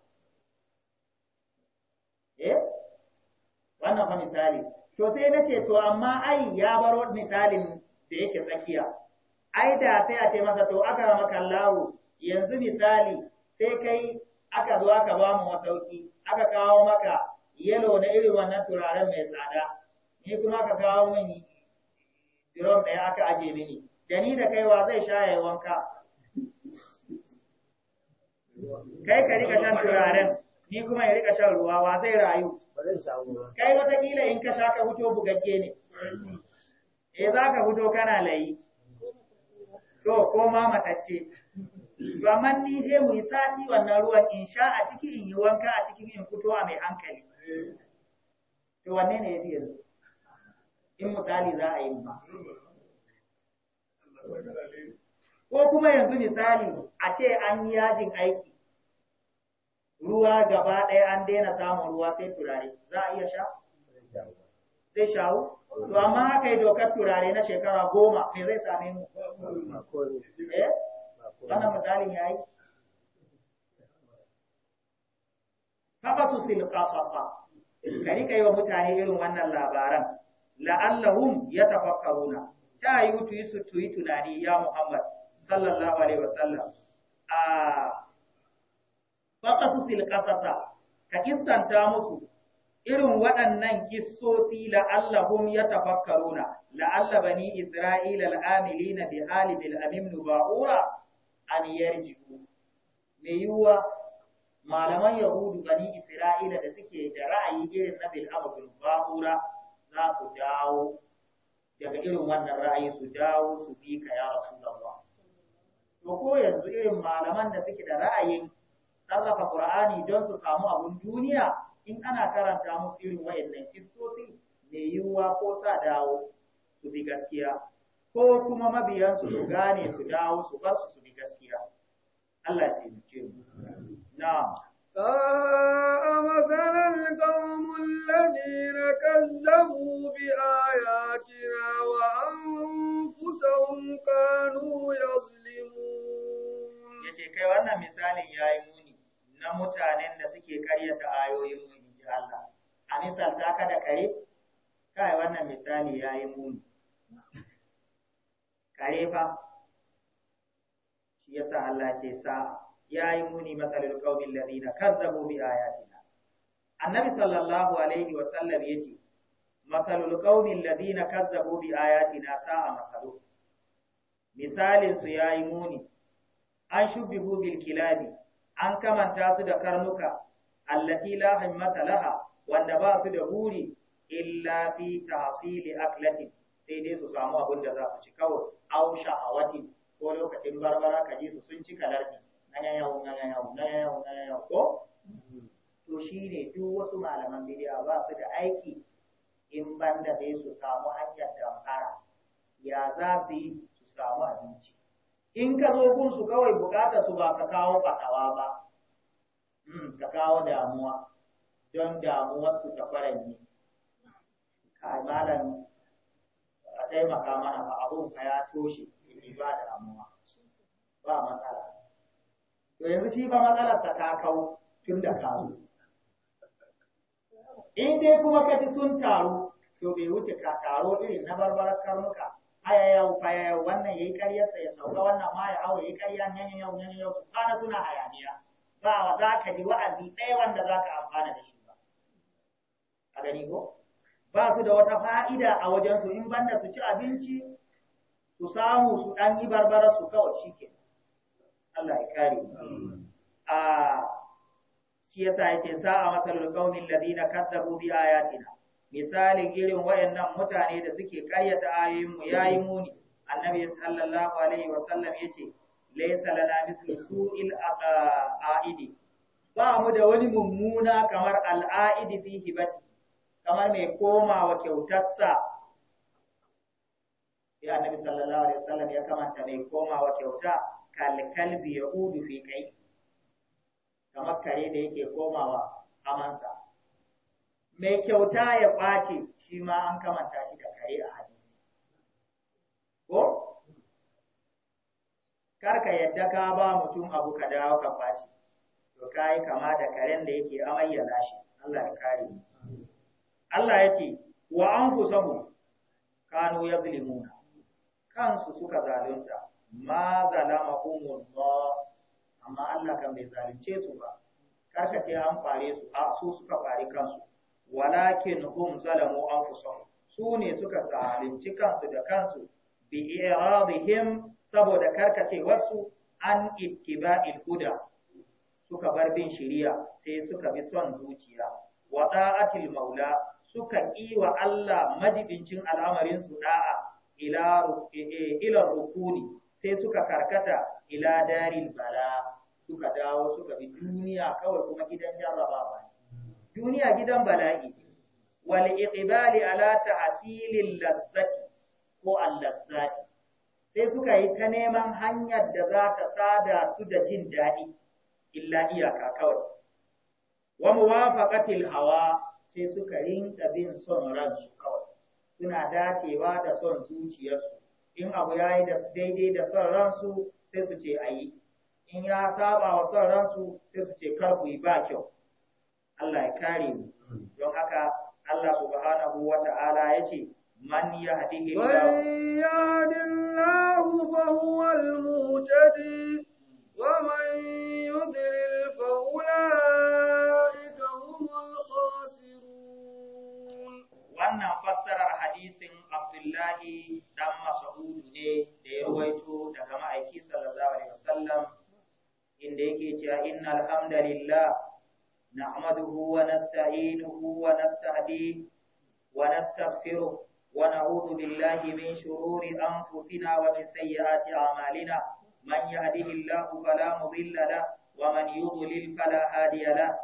eh wannan fa misali to sai na ce to amma ai ya baro misalin da yake tsakiya ai da sai a ce masa to aka rama kallahu yanzu misali sai kai aka zo aka ba mu wasauki aka kawo maka yelo na irin wannan turaren mai tsada ni kuma ka kawo min drum ɗaya aka aje mini da ni da kaiwa zai sha yayi wanka kai ka rika shan turaren ni kuma ya rika shan ruwa wa zai rayu kai watakila in ka sha ka fito bugagge ne eh za ka fito kana layi to ko ma matacce Ramani he ni mu yi sati wannan ruwan in sha a ciki in yi wanka a ciki in fito a mai hankali to wanne ne ya in za a yi ba ko kuma yanzu misali a ce an yi yajin aiki ruwa gaba ɗaya an daina samun ruwa sai turare za a iya sha zai shawo to amma haka yi dokar turare na shekara goma me zai same mu wannan ya yayi habasu sil qasasa kari kai wa mutane irin wannan labaran la'allahum yatafakkaruna ta yi tu su tu yi tunani ya Muhammad sallallahu alaihi wasallam a faqasu sil qasasa ka kistanta musu irin waɗannan kissosi la'allahum yatafakkaruna la'alla bani isra'ila al'amilina bi hali bil amim nuba'ura an ku. me yiwuwa malaman yahudu bani isra'ila da suke da ra'ayi irin na bil'abdul ba'ura za su dawo daga irin wannan ra'ayi su dawo su bi ka ya rasulullah to ko yanzu irin malaman da suke da ra'ayin sarrafa qur'ani don su samu abun duniya in ana karanta musu irin wayannan kissosi me yiwuwa ko sa dawo su bi gaskiya ko kuma mabiyansu su gane su dawo su bar su gaskiya Allah ya taimake Na. na'am sa'a mathalan qaumul ladina kazzabu bi ayatina wa anfusahum kanu yazlimun yace kai wannan misalin ya yi muni na mutanen da suke karyata ayoyin mu ji Allah a misalta ka da kare kai wannan misali yi muni kare fa shi yasa Allah ke sa ya yi muni masalul qaumil ladina kazzabu bi ayatina annabi sallallahu alaihi wa sallam yace masalul qaumil ladina kazzabu bi sa a masalu misalin su yi muni an shubbihu bugil kilabi an kamanta su da karnuka allati la himmata wanda ba su da buri illa fi tafili aklatin sai dai su samu abin da za su ci kawai aw sha'awatin ko lokacin barbara ka ji su sun cika lardi na yau na yau na yau na yau ko to shi ne duk wasu malaman bidiya ba su da aiki in da dai su samu hanyar damfara ya za su yi su samu abinci in ka zo kun su kawai bukatar su ba ka kawo fatawa ba hmm, ka kawo damuwa don damuwar su ta ka kai malam a taimaka mana ba abun ka ya toshe ne ba da ramuwa ba matsala to yanzu shi ba matsalar ta kakau tun da kazo in dai kuma ka ji sun taru to bai wuce ka taro irin na barbarar karnuka ayayau fayayau wannan yayi karyarsa ya sauka wannan ma ya hawo yayi karya nyanyayau nyanyayau yau kana suna hayaniya ba za ka ji wa'azi ɗaya wanda za ka amfana da shi ba a gani ko ba su da wata fa'ida a wajensu in banda su ci abinci su samu su ɗan yi barbara su kawai shi ke Allah ya kare a shi yasa yake sa a matsalar kaunin ladina kaddabu bi ayatina misalin irin wayannan mutane da suke karyata ayoyinmu yayi muni annabi sallallahu alaihi wa sallam yace laysa lana mislu su'il aqaidi ba mu da wani mummuna kamar al'aidi fi hibati kamar mai komawa kyautarsa sai annabi sallallahu alaihi wasallam ya kamanta mai komawa kyauta kalbi ya udu fi kai kamar kare da yake komawa amansa mai kyauta ya ɓace shi ma an kamanta shi da kare a hadisi ko karka yadda ka ba mutum abu ka dawo ka ɓace to ka kama da karen da yake amayyana shi Allah ya kare mu Allah ya ce wa an kanu ya kansu suka zalunta ma zalama humullah amma Allah kan bai zalunce su ba karka ce an fare su a su suka fare kansu walakin hum zalamu anfusahum su ne suka zalunci kansu da kansu bi iradihim saboda karkace wasu an ittiba'il huda suka bar bin shiriya sai suka bi son zuciya wa da'atil maula suka yi wa Allah madibincin al'amarin su da'a ila ila rukuni sai suka karkata ila daril bala suka dawo suka bi duniya kawai kuma gidan ba duniya gidan bala'i wal iqbali ala ta'tilil lazzati ko al-lazzati sai suka yi ta neman hanyar da za ta sada su da jin daɗi illa iyaka kawai wa muwafaqatil hawa sai suka rinka bin son su kawai suna dacewa da son zuciyarsu in abu ya yi daidai da son ransu sai su ce a yi in ya saba wa son ransu sai su ce kar ku yi ba kyau Allah ya kare mu don haka Allah subhanahu wa ta'ala ya ce man yahdihi Allahu fa huwa al-muhtadi wa man yudlil fa ulaika humul khasirun wannan fassara Abdullahi dan Mas'ud ne da ya ruwaito daga ma'aiki sallallahu alaihi wasallam inda yake cewa innal hamdalillah nahmaduhu wa nasta'inuhu wa nasta'dihi wa nastaghfiruh wa na'udhu billahi min shururi anfusina wa min sayyiati a'malina man yahdihillahu fala mudilla la. wa man yudlil fala hadiya lahu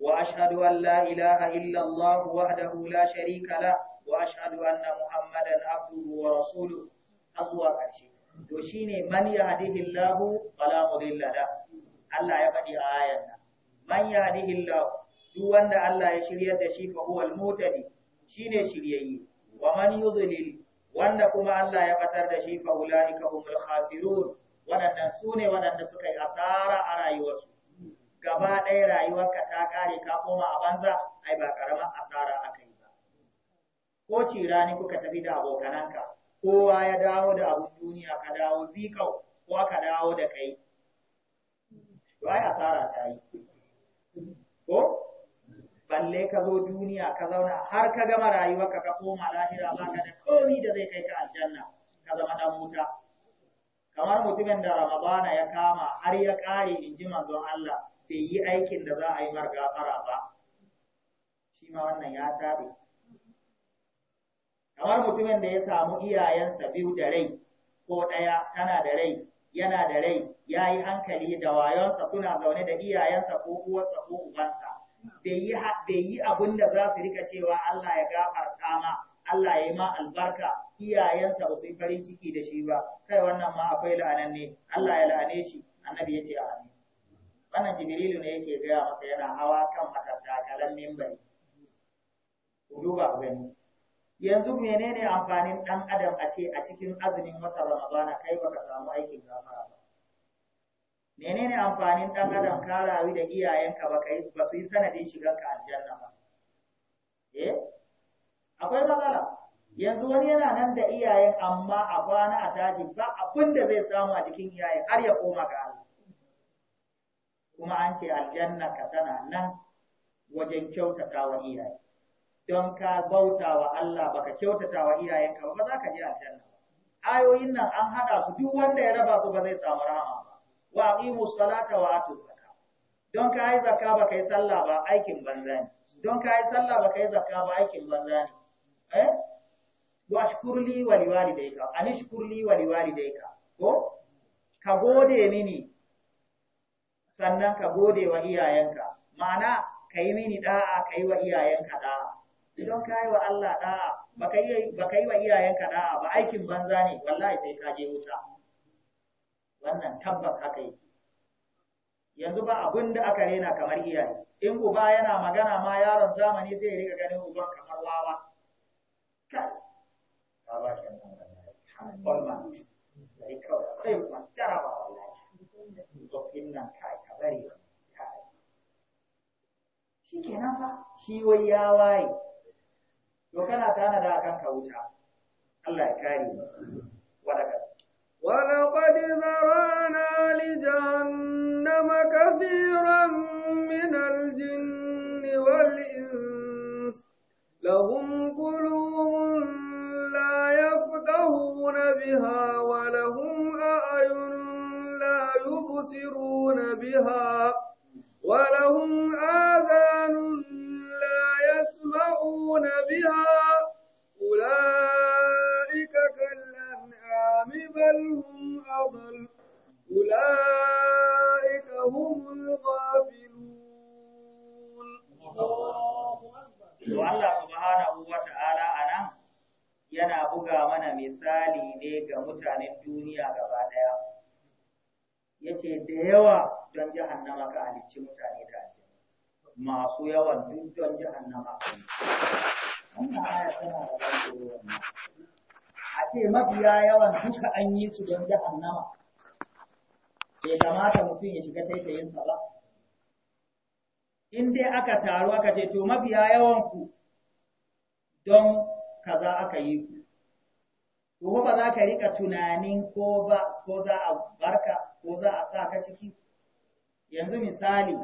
وأشهد أن لا إله إلا الله وحده لا شريك له وأشهد أن محمدا عبده ورسوله أزوى كرشي to shine man yahdihillahu fala mudilla la Allah ya faɗi a ayan nan man yahdihillahu duk wanda Allah ya shirya da shi fa huwal mutadi shine shiryayye wa man yudlil wanda kuma Allah ya fatar da shi fa ulaika humul khasirun wadannan sune wadanda suka yi asara a rayuwarsu gaba ɗaya rayuwarka ta kare ka koma a banza ai ba karamar asara aka ko rani kuka tafi da abokananka kowa ya dawo da abun duniya ka dawo zikau ko aka dawo da kai ai asara ta yi ko balle ka zo duniya ka zauna har ka gama rayuwarka ka koma lahira ba ka da komi da zai kai ka aljanna ka zama dan wuta kamar mutumin da ramadana ya kama har ya kare in ji manzon Allah bai yi aikin da za a yi mar gafara ba shi ma wannan ya tabe kamar mutumin da ya samu iyayensa biyu da rai ko ɗaya tana da rai yana da rai ya yi hankali da wayonsa suna zaune da iyayensa ko uwarsa ko ubansa bai yi abin da za su rika cewa Allah ya gafarta ma Allah ya yi ma albarka iyayensa ba su yi farin ciki da shi ba kai wannan ma akwai la'anan Allah ya la'ane shi annabi ya ce amin wannan jibrilu ne yake gaya masa yana hawa kan matattakalan mimbari ku duba gani yanzu menene amfanin ɗan adam a ce a cikin azumin watan ramadana kai baka samu aikin gafara ba menene amfanin ɗan adam ka rayu da iyayenka ba kai ba su yi sanadin shigar ka aljanna ba eh akwai matsala yanzu wani yana nan da iyayen amma a kwana a daji ba abin da zai samu a jikin iyaye har ya koma ga Allah kuma an ce aljanna ka tana nan wajen kyautata wa iyaye don ka bauta wa Allah baka kyautata wa iyayenka ba za ka je aljanna ayoyin nan an hada su duk wanda ya raba su ba zai samu rahama ba wa aqimu salata wa atu zakka don ka yi zakka ba kai sallah ba aikin banza ne don ka yi sallah ba kai zakka ba aikin banza ne eh wa shkurli wa liwalidayka anishkurli wa liwalidayka ko ka gode mini sannan ka gode wa iyayenka ma'ana ka yi mini da'a ka yi wa iyayenka da'a idan ka yi wa Allah da'a ba ka yi wa iyayenka da'a ba aikin banza ne wallahi sai ka je wuta wannan tabbas haka yake yanzu ba abin da aka rena kamar iyaye in uba yana magana ma yaron zamani zai rika ganin uban kamar wawa kai ka ba shi wannan sai kawai ba kwanciyar ba wallahi tsoffin nan kai ka bari shi kenan fa shi wai ya waye وكان أتانا tana كان كوجا الله wuta Allah ولقد ذرانا لجهنم كثيرا من الجن والإنس لهم قلوب لا يفقهون بها ولهم أعين لا يبصرون بها ولهم أعين فيها أولئك كالأنعام بل هم أضل أولئك هم الغافلون Allah subhanahu wa ta'ala a nan yana buga mana misali ne ga mutanen duniya gaba ɗaya. Ya ce, Da yawa don jahannama ka halicci mutane da masu yawan duk don jahannama. a ce mafiya yawan duka an yi su don jahannama bai kamata mutum ya shiga taitayin sa ba in dai aka taru aka ce to mafiya yawan ku don kaza aka yi ku to ba za ka rika tunanin ko ba ko za a barka ko za a sa ka ciki yanzu misali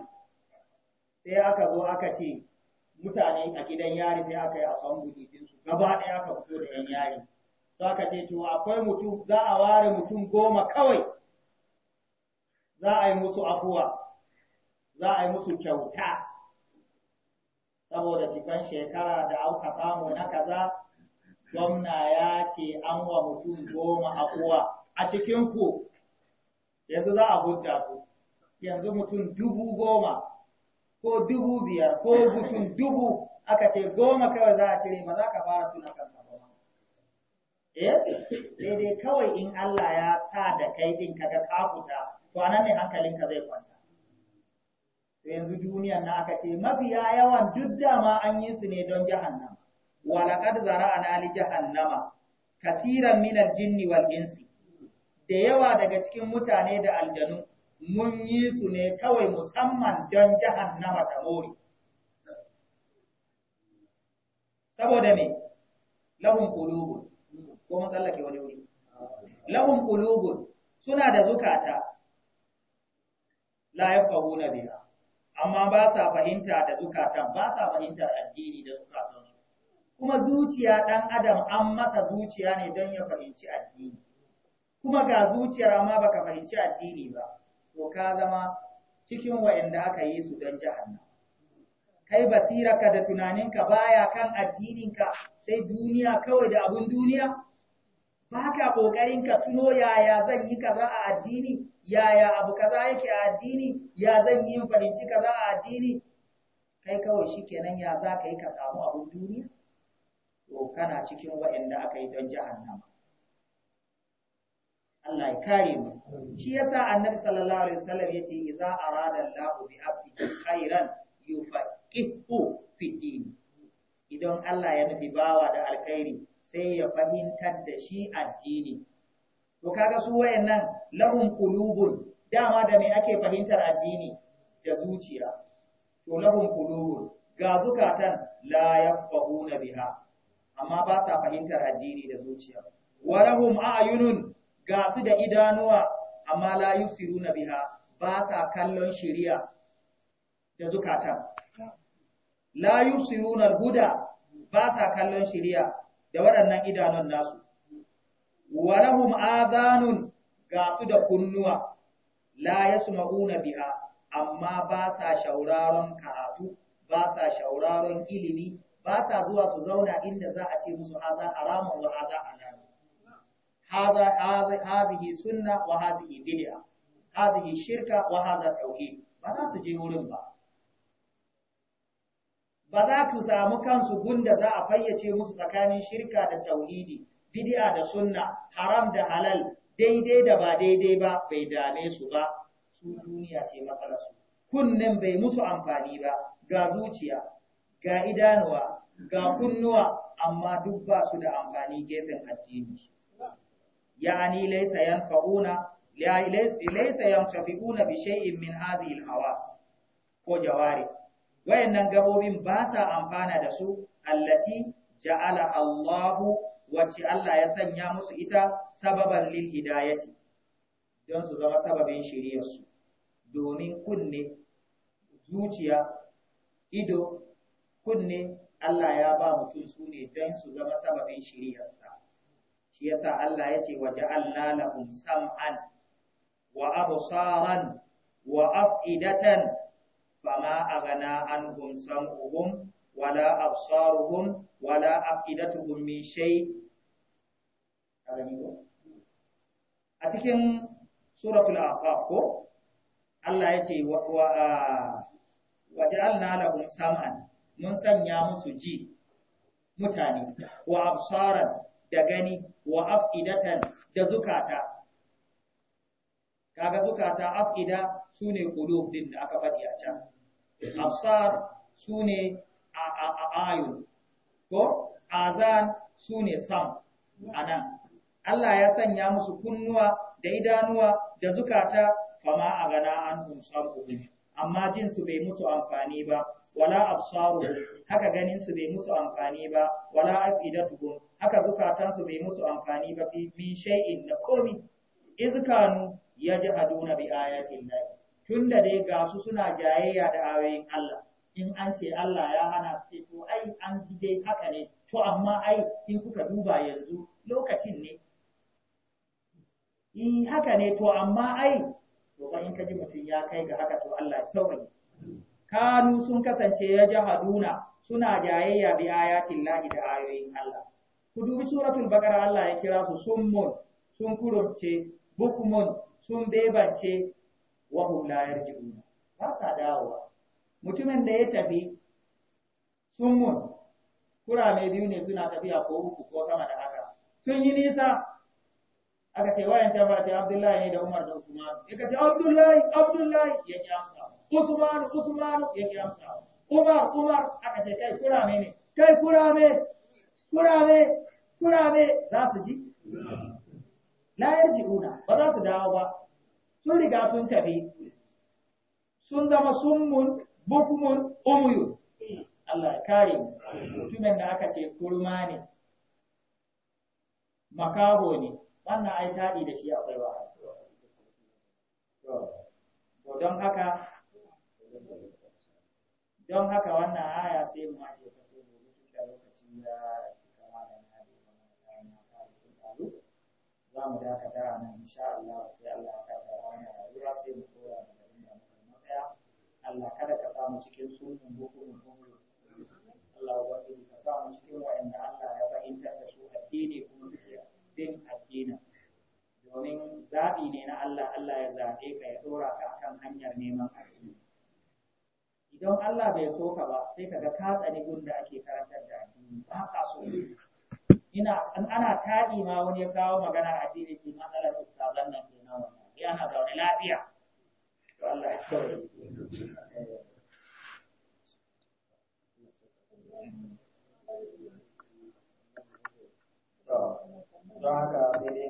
sai aka zo aka ce mutane a gidan yari sai aka yi a samun bukitin su gaba ɗaya aka fito da yan yari to aka ce to akwai mutum za a ware mutum goma kawai za a yi musu afuwa za a yi musu kyauta saboda cikin shekara da auka samu na kaza gwamna ya ce an wa mutum goma afuwa a cikin ku yanzu za a budda ku yanzu mutum dubu goma ko dubu biyar ko mutum dubu aka ce goma kawai za a cire ba za ka fara tuna kanka ba eh sai dai kawai in Allah ya sa da kai din ka ga kafuta to anan ne hankalinka zai kwanta to yanzu duniyan na aka ce mafiya yawan duk dama an yi su ne don jahannama laqad zara'ana li jahannama katiran min al-jinni wal insi da yawa daga cikin mutane da aljanu mun yi su ne kawai musamman don jahannama ta more. Saboda me, lahun kulubun, ko matsallake wani wuri. Lahun kulubun suna da zukata, layan fahu na biya, amma ba sa fahimta da zukatan, ba sa fahimtar addini da su. Kuma zuciya ɗan Adam an masa zuciya ne don ya fahimci addini. Kuma ga zuciyar amma baka fahimci addini ba. to ka zama cikin wa'anda aka yi su don nan, kai basirarka da tunaninka baya kan addininka sai duniya kawai da abun duniya ba ka ƙoƙarin ka tuno yaya zan yi kaza a addini yaya abu kaza yake a addini ya zan yi fahimci kaza a addini kai kawai shikenan ya za ka yi ka samu abun duniya to kana cikin waɗanda aka yi don jahannama Allah ya kare mu shi yasa annabi sallallahu alaihi wasallam yace idza arada Allahu bi abdihi khairan yufaqihu fi din idan Allah ya nufi bawa da alkhairi sai ya fahimtar da shi addini to kaga su wayannan lahum qulubun dama da me ake fahimtar addini da zuciya to lahum qulubun ga zukatan la yafqahuna biha amma ba ta fahimtar addini da zuciya wa lahum a'yunun ga su da idanuwa amma la na biha ba sa kallon shiriya da zukata la na guda ba sa kallon shiriya da waɗannan idanun nasu walahum adanun gasu ga su da kunnuwa la na biha amma ba sa shauraron karatu ba sa shauraron ilimi ba sa zuwa su zauna inda za a ce musu haza haramun wa haza halal هذا هذه سنة وهذه بدعة هذه شركة وهذا توحيد ba su je wurin ba ba za ku samu kansu gunda za a fayyace musu tsakanin shirka da tauhidi bid'a da sunna haram da halal daidai da ba daidai ba bai dame su ba su duniya ce matsalar su kunnen bai musu amfani ba ga zuciya ga idanuwa ga kunnuwa amma duk ba su da amfani gefen addini yani laysa yanfa'una laysa yanfafiuna min hadhihi al ko jawari wayannan gabobin ba sa amfana da su allati ja'ala Allahu wacce Allah ya sanya musu ita sababan lil hidayati don su zama sababin shiriyarsu domin kunne zuciya ido kunne Allah ya ba mutum su ne don su zama sababin shiriyarsa shi yasa Allah ya ce wa ja'alna lahum sam'an wa absaran wa af'idatan fama aghna anhum sam'uhum wala absaruhum wala af'idatuhum min shay a cikin suratul aqaf ko Allah ya ce wa wa ja'alna lahum sam'an mun sanya musu ji mutane wa absaran da gani wa afidatan da zukata kaga zukata afida sune qulub din da aka fadi a can absar sune ayun ko azan sune sam anan Allah ya sanya musu kunnuwa da idanuwa da zukata fama a gana an hunsan amma jin su bai musu amfani ba wala absaru haka ganin su bai musu amfani ba wala afidatuhum haka zukatansu bai musu amfani ba fi min shay'in da komi izkanu yajhaduna bi ayatin lahi tunda dai ga su suna jayayya da ayoyin Allah in an ce Allah ya hana su ce to ai an ji dai haka ne to amma ai in kuka duba yanzu lokacin ne in eh, haka ne to amma ai to ba in ka ji mutum ya kai ga haka to Allah ya saurayi kanu sun kasance ya suna jayayya bi ayatin lahi da ayoyin Allah ku dubi suratul bakara Allah ya kira ku mun, sun kurumce mun, sun bebance wa hum la yarji'una ba sa dawowa mutumin da ya tafi sun mun kura mai biyu ne suna tafiya ko uku ko sama da haka sun yi nisa aka ce wayan ta ba ta Abdullahi ne da Umar da Usman ya ce Abdullahi Abdullahi ya ki amsa Usman Usman ya ki amsa Umar Umar aka ce kai mai ne kai kura mai kurabe kurabe za su ji Na la una ba za su dawo ba sun riga sun tafi sun zama mun, bukumun umuyu Allah kare mutumin da aka ce kurma ne makabo ne wannan ai taɗi da shi akwai wahala to don haka don haka wannan aya sai mu aje ta sai mu rubuta lokacin da za mu dakata a nan insha Allah sai Allah ya kaddara wannan rayuwa sai mu kora da garin da muka matsaya Allah kada ka sa mu cikin sunan hukumin hukumin Allah ya ka sa mu cikin wa'anda Allah ya fahimtar da su addini kuma suke bin addinin domin zaɓi ne na Allah Allah ya zaɓe ka ya ɗora ka akan hanyar neman addini idan Allah bai so ka ba sai ka ga ka tsani gun ake karantar da addini ba ka so ina an ana taɗi ma wani ya kawo magana a ke matsalar ustazan nan ke nan wannan ya na zaune lafiya to Allah ya don haka sai dai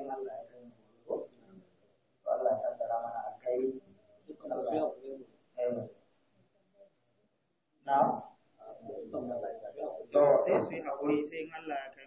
Allah ya kai mu Allah ya mana na to sai sai Allah ya kai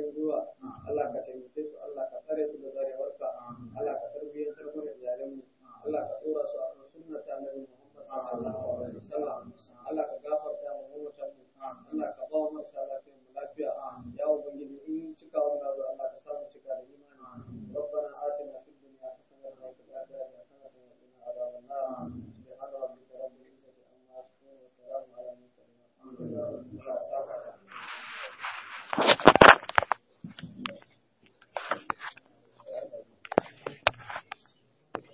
matan zuwa ah, Allah ka taimake su Allah ka tsare su da tsarewarka ah, Allah ka tarbiyyar mu da iyalanmu ah, Allah ka tsora su a kan sunna ta Annabi Muhammad sallallahu alaihi wasallam Allah ka gafarta mu mu Allah ka ba mu lafiya mu lafiya ya ubangiji in cika wannan